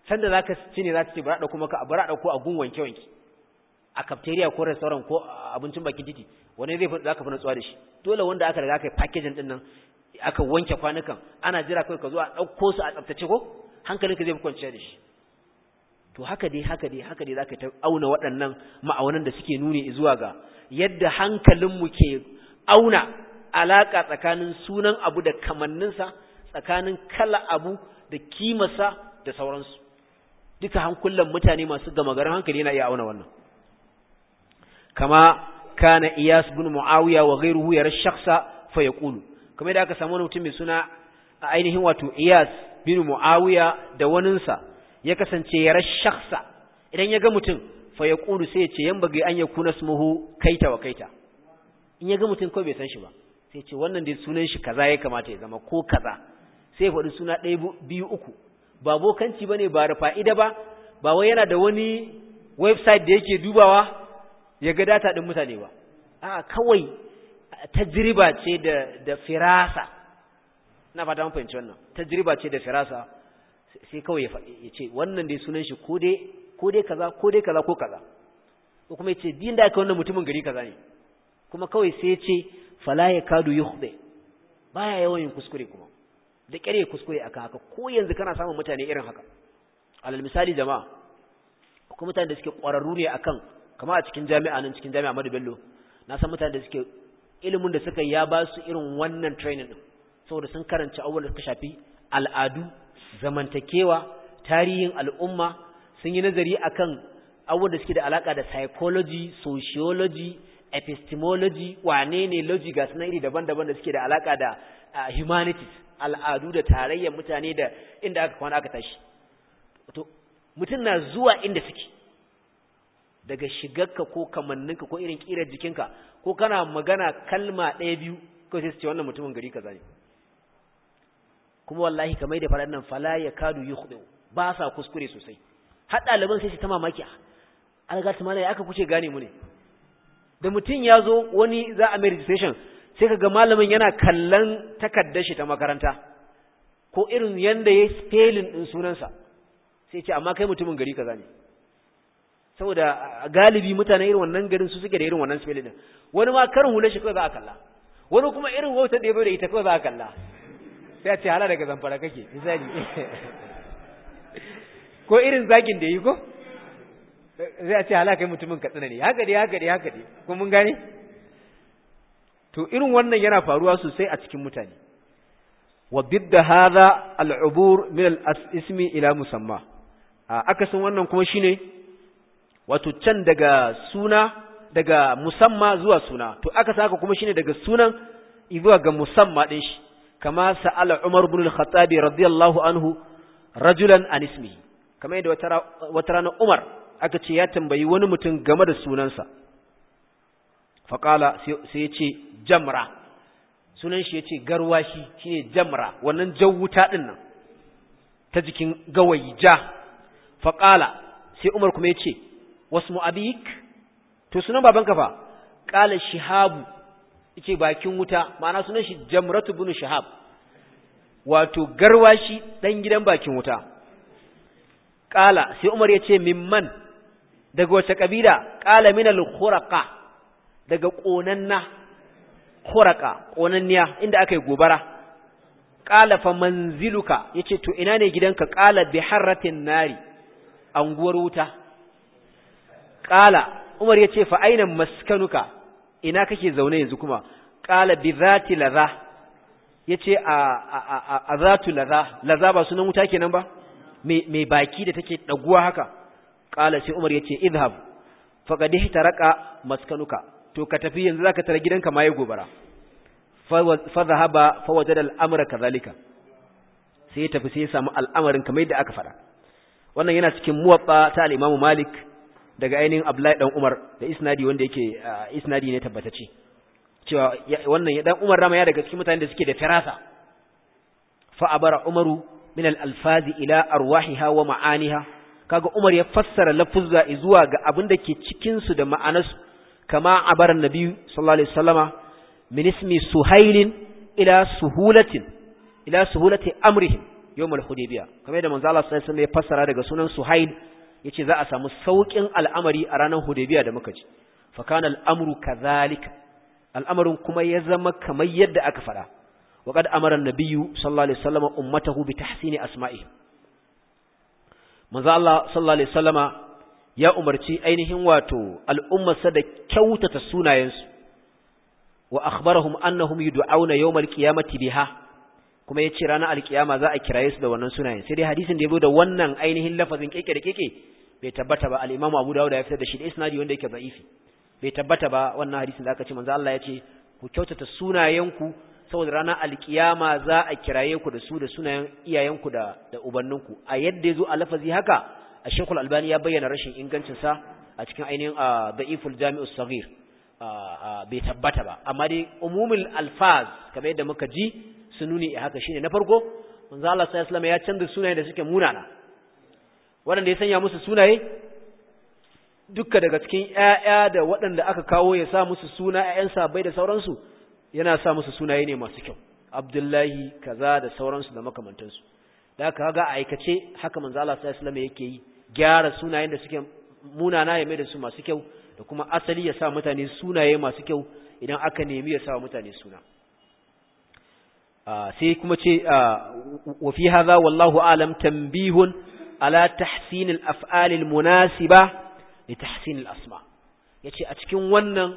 sanda ka ci ne ta ce bara dauko maka bara dauko a gun wanke wanke a cafeteria ko restaurant ko abincin bakin titi wani zai ka fi natsuwa da shi dole wanda aka riga aka yi packaging din nan aka wanke kwanukan ana jira kai ka zo a dauko su a tsaftace ko hankalinka zai fi kwanciya da shi to haka dai haka dai haka dai zaka ta auna waɗannan ma'aunan da suke nuni zuwa ga yadda hankalinmu ke auna alaka tsakanin sunan abu da kamanninsa tsakanin kala abu da kimarsa da sauransu duka hankulan mutane masu gama garin hankali yana iya auna wannan kama kana iyas bin muawiya wa ghayruhu yara shakhsa fa yaqulu kamar da aka samu wani mutum mai suna a ainihin wato iyas bin muawiya da waninsa ya kasance ya rashaksa idan ya ga mutum fa ya kulu sai ya ce yan bagai an ya kuna smuhu kaita wa kaita in ya ga mutum kawai bai san shi ba sai ce wannan dai sunan shi kaza ya kamata ya zama ko kaza sai faɗi suna ɗaya biyu uku ba bokanci ne ba da fa'ida ba ba wai yana da wani website da yake dubawa ya ga data din mutane ba a kawai tajriba ce da firasa ina fata mun fahimci wannan tajriba ce da firasa sai kawai ya ce wannan dai sunan shi ko dai kaza ko dai kaza ko kaza ko kuma ya ce din da aka wannan mutumin gari kaza ne kuma kawai sai ya ce fala ya kadu yukhbe baya yawan yin kuskure kuma da kyare kuskure akan haka ko yanzu kana samun mutane irin haka alal misali jama'a akwai mutane da suke ƙwararru ne akan kama a cikin jami'a nan cikin jami'a Ahmadu Bello na san mutane da suke ilimin da suka ya ba su irin wannan training din saboda sun karanta awwal da suka shafi al'adu zamantakewa tarihin al'umma sun yi nazari akan abubuwan da suke da alaka da psychology sociology epistemology wane ne logic ga sunan iri daban-daban da suke da alaka da humanities al'adu da tarayyar mutane da inda aka kwana aka tashi mutum na zuwa inda suke daga shigarka ko kamanninka ko irin kirar jikinka ko kana magana kalma ɗaya biyu ko sai su ce wannan mutumin gari kaza ne kuma wallahi kamar da faɗan nan fala ya kadu yi yukhdu ba sa kuskure sosai har ɗaliban sai su ta mamaki an ah, ga tumana ya aka kuce gane mu ne da mutum ya zo wani za a mai registration sai ka ga malamin yana kallon takardar shi ta makaranta ko irin yanda ya spelling din sunansa sai ce amma kai mutumin gari kaza ne saboda galibi mutanen irin wannan garin su suke da irin wannan spelling din wani ma karin hula shi kawai za a kalla wani kuma irin wautar da ya bai da ita kawai za a kalla sai a ce hala daga zamfara kake misali ko irin zagin da yi ko sai a ce hala kai mutumin katsina ne haka dai haka dai haka dai ko mun gane to irin wannan yana faruwa sosai a cikin mutane wa bidda hadha al min al-ismi ila musamma akasin wannan kuma shine wato can daga suna daga musamma zuwa suna to aka saka kuma shine daga sunan zuwa ga musamma din shi kama sa'ala Umar ibn al-Khattab radiyallahu anhu rajulan an ismihi kama yadda wata rana Umar aka ce ya tambayi wani mutum game da sunansa faqala sai ya ce jamra sunan shi ya ce garwashi shine jamra wannan jawuta din nan ta jikin gawayi ja faqala sai Umar kuma ya ce wasmu abik to sunan babanka fa qala shihabu yace bakin wuta ma'ana sunan shi jamratu bin shahab wato garwashi dan gidan bakin wuta qala sai umar yace mimman daga wace kabila qala min al-khuraqa daga konanna khuraqa konanniya inda akai gobara qala fa manziluka yace to ina ne gidanka qala bi harratin nari anguwar wuta qala umar yace fa aina maskanuka ina kake zaune yanzu kuma qala bi zati laza. yace a a zatu laza. Laza ba sunan wuta kenan ba Mai baki da take daguwa haka qala sai umar yace idhab faqad ihtaraka maskanuka to ka tafi yanzu zaka tara gidanka ma ya gobara fa dhahaba fa wajada al-amra kadhalika sai ya tafi sai ya samu al'amarin kamar yadda aka faɗa. wannan yana cikin muwaffa ta al Malik daga ainihin Abdullahi dan Umar da isnadi wanda yake isnadi ne tabbatacce cewa wannan dan Umar rama ya daga cikin mutanen da suke da firasa fa abara Umaru min al-alfazi ila arwahiha wa ma'aniha kaga Umar ya fassara lafuzza zuwa ga abin da ke cikin su da ma'anarsu kama abara Nabi sallallahu alaihi wasallama min ismi Suhailin ila suhulatin ila suhulati amrihim yawm al-hudaybiyah kamar da manzo Allah sallallahu alaihi wasallam ya fassara daga sunan Suhail Ya ce za a samu saukin al'amari a ranar Hudaybiya da muka ji fa kana al'amru kadhalika al'amarin kuma ya zama kamar yadda aka faɗa. Waƙar qad amara an-nabiyyu sallallahu alaihi asma'i manzo Allah ya umarci ainihin wato al'ummarsa da kyautata sunayensu wa akhbarahum annahum yau yawmal qiyamati biha kuma ya ce ranar alkiyama za a kiraye su da wannan sunayen sai dai hadisin da ya da wannan ainihin lafazin keke da keke bai tabbata ba al'imamu Abu Abu da ya fitar da shi da isnadi wanda yake za'ifi bai tabbata ba wannan hadisin da aka ce manzo Allah ya ce ku kyautata sunayenku saboda ranar alkiyama za a kiraye ku da su da sunayen iyayenku da da ubanninku a yadda ya zo a lafazi haka a shekul Albani ya bayyana rashin ingancin sa a cikin ainihin da'iful jami'u sagir bai tabbata ba amma dai umumul alfaz kamar yadda muka ji Sununi nuni a haka shine na farko manzo Allah sallallahu alaihi ya canza sunaye da suke munana waɗanda ya sanya musu sunaye dukka daga cikin ƴaƴa da waɗanda aka kawo ya sa musu suna ƴaƴan sabai da sauransu yana sa musu sunaye ne masu kyau Abdullahi kaza da sauransu da makamantansu da aka ga aikace haka manzo Allah sallallahu alaihi yake yi gyara sunayen da suke munana ya mai da su masu kyau da kuma asali ya sa mutane sunaye masu kyau idan aka nemi ya sa mutane suna sai kuma ce wa fi hadha wallahu alam tambihun ala tahsin al-af'al al-munasiba li tahsin al-asma yace a cikin wannan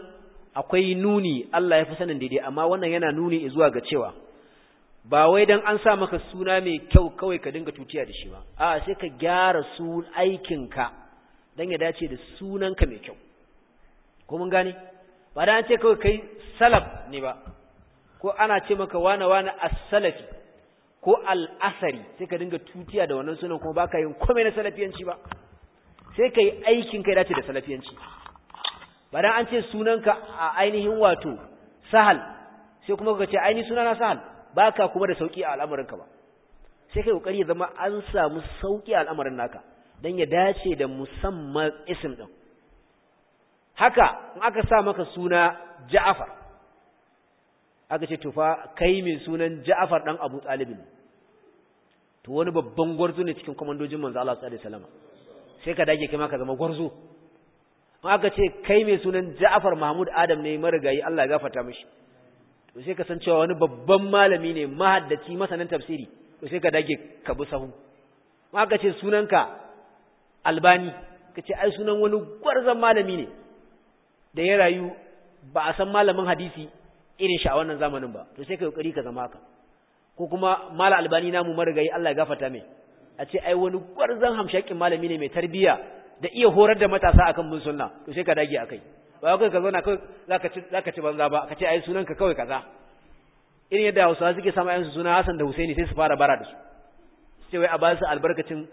akwai nuni Allah ya fi sanin daidai amma wannan yana nuni zuwa ga cewa ba wai dan an sa maka suna mai kyau kawai ka dinga tutiya da shi ba A sai ka gyara su ka dan ya dace da sunanka mai kyau ko mun gane ba dan ce kawai kai salaf ne ba ko ana ce maka wane wane as-salafi ko al'asari asari sai ka dinga tutiya da wannan sunan kuma baka yin komai na salafiyanci ba sai kai aikin kai dace da salafiyanci ba dan an ce sunanka a ainihin wato sahal sai kuma ka ce ainihin na sahal ba ka kuma da sauki a al'amuranka ba sai kai kokari ya zama an samu sauki a al'amarin naka dan ya dace da musamman isim ɗin haka in aka sa maka suna Ja'far aka ce tufa kai mai sunan Ja'far dan Abu talibin to wani babban gwarzo ne cikin komandojin manzo Allah sallallahu alaihi wasallam sai ka dage kai ma ka zama gwarzo in aka ce kai mai sunan Ja'far Mahmud Adam ne marigayi Allah ya gafarta mishi to sai ka san cewa wani babban malami ne mahaddaci masanin tafsiri to sai ka dage ka bi sahu in aka ce sunanka Albani kace ai sunan wani gwarzon malami ne da ya rayu ba a san malamin hadisi irin shi a wannan zamanin ba to sai ka kokari ka zama haka ko kuma mala albani namu marigayi Allah ya gafarta mai a ce ai wani gwarzan hamshakin malami ne mai tarbiya da iya horar da matasa akan bin sunna to sai ka dage akai ba kai ka zauna kai zaka ci zaka ci banza ba ka ce ai sunan ka kawai kaza irin yadda Hausawa suke sama ayansu suna Hassan da Husaini sai su fara bara da su sai wai a ba su albarkacin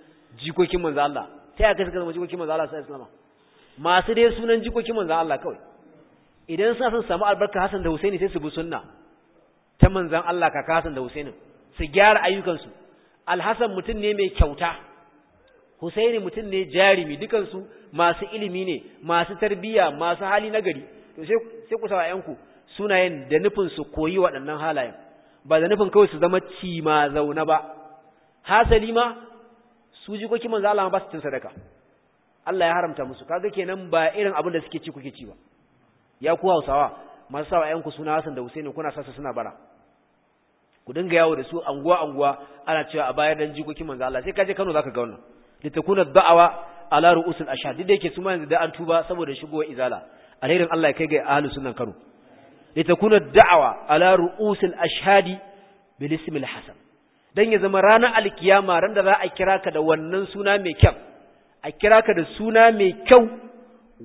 jikokin manzo Allah sai aka suka zama jikokin manzo Allah sai islama masu dai sunan jikokin manzo Allah kawai idan suna son samu albarka Hassan da Husaini sai su bi sunna ta manzan Allah kaka Hassan da Husaini su gyara ayyukansu Alhassan mutum ne mai kyauta Husaini mutum ne jarimi dukansu masu ilimi ne masu tarbiya masu hali nagari to sai ku sawa yanku sunayen da nufin su koyi waɗannan halayen ba da nufin kawai su zama ci ma zauna ba hasali ma su jikoki manzo Allah ba su cin sadaka Allah ya haramta musu kaga kenan ba irin abin da suke ci kuke ci ba ya kuwa hausawa masu sawa yanku suna Hassan da Husaini kuna sassa suna bara ku dinga yawo da su anguwa anguwa ana cewa a bayan dan jikokin manzo Allah sai kaje Kano zaka ga wannan takuna da'awa ala ru'usul ashhad da yake su manzo da an tuba saboda shigowar izala alherin Allah ya kai ga ahlus sunnan Kano takuna da'awa ala ru'usul ashadi bil ismil hasan dan ya zama ranar alkiyama ran da za a kira ka da wannan suna mai kyau a kira ka da suna mai kyau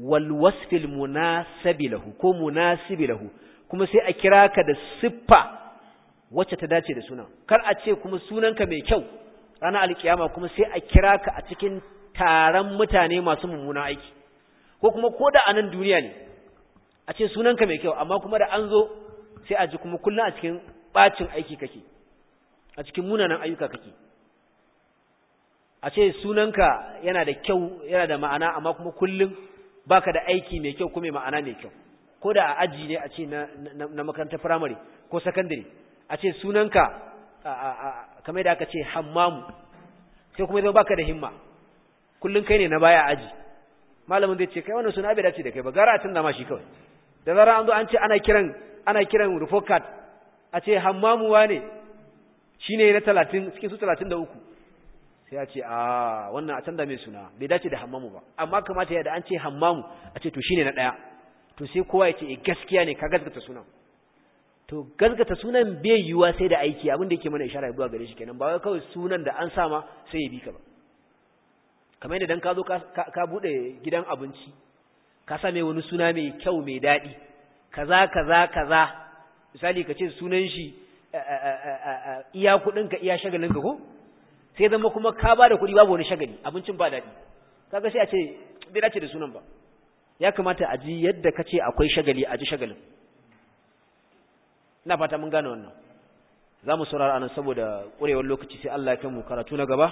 Walwasfil wasfil lahu ko munasibi lahu kuma sai a kira ka da siffa wacce ta dace da sunan kar a ce kuma sunanka mai kyau ranar alkiyama kuma sai a kira ka a cikin taron mutane masu mummuna aiki ko kuma ko da anan duniya ne a ce sunanka mai kyau amma kuma da an zo sai a ji kuma kullum a cikin bacin aiki kake a cikin munanan ayyuka kake a ce sunanka yana da kyau yana da ma'ana amma kuma kullum baka da aiki mai kyau kuma ma'ana mai kyau ko da a aji ne a ce na makarantar firamare ko sakandare a ce sunanka kamar da aka ce hammamu sai kuma zai baka da himma kullum kai ne na baya aji malamin zai ce kai wannan suna bai dace da kai ba gara a da ma shi kawai da zara an zo an ce ana kiran ana kiran rufokat a ce hammamu wane shine na 30 cikin su uku. sai ya ce a wannan a canza mai suna bai dace da hammamu ba amma kamata ya da an ce hammamu a ce to shine na ɗaya to sai kowa ya ce e gaskiya ne ka gaskata sunan to gazgata sunan bai yiwuwa sai da aiki abin da yake mana ishara zuwa gare shi kenan ba wai kawai sunan da an sama sai ya bi ka ba kamar yadda dan ka zo ka buɗe gidan abinci ka same wani suna mai kyau mai daɗi kaza kaza kaza misali ka ce sunan shi eh, eh, iya kuɗinka iya shagalinka ko sai zama kuma ka ba da kuɗi babu wani shagali abincin ba daɗi kaga sai a ce bai dace da sunan ba ya kamata a ji yadda ka ce akwai shagali a ji shagalin ina fata mun gane wannan za mu saurara anan saboda ƙurewar lokaci sai Allah ya kai mu karatu na gaba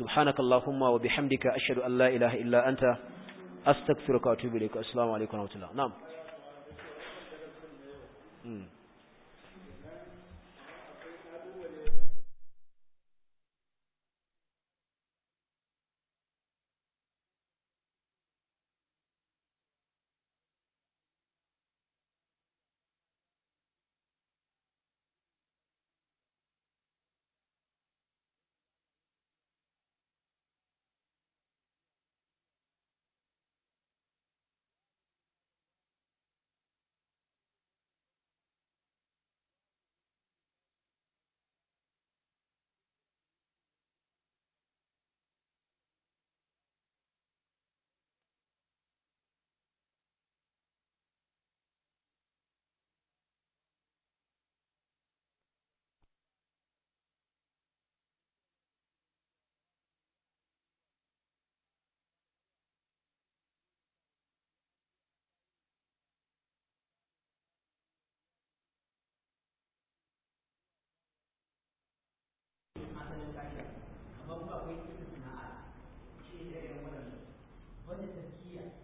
subhanakallahumma wa bihamdika ashhadu an la ilaha illa anta astaghfiruka wa atubu ilaik assalamu alaikum wa rahmatullah na'am hmm. shari'a kamar ba kai cikin sana'a wannan wani tafiya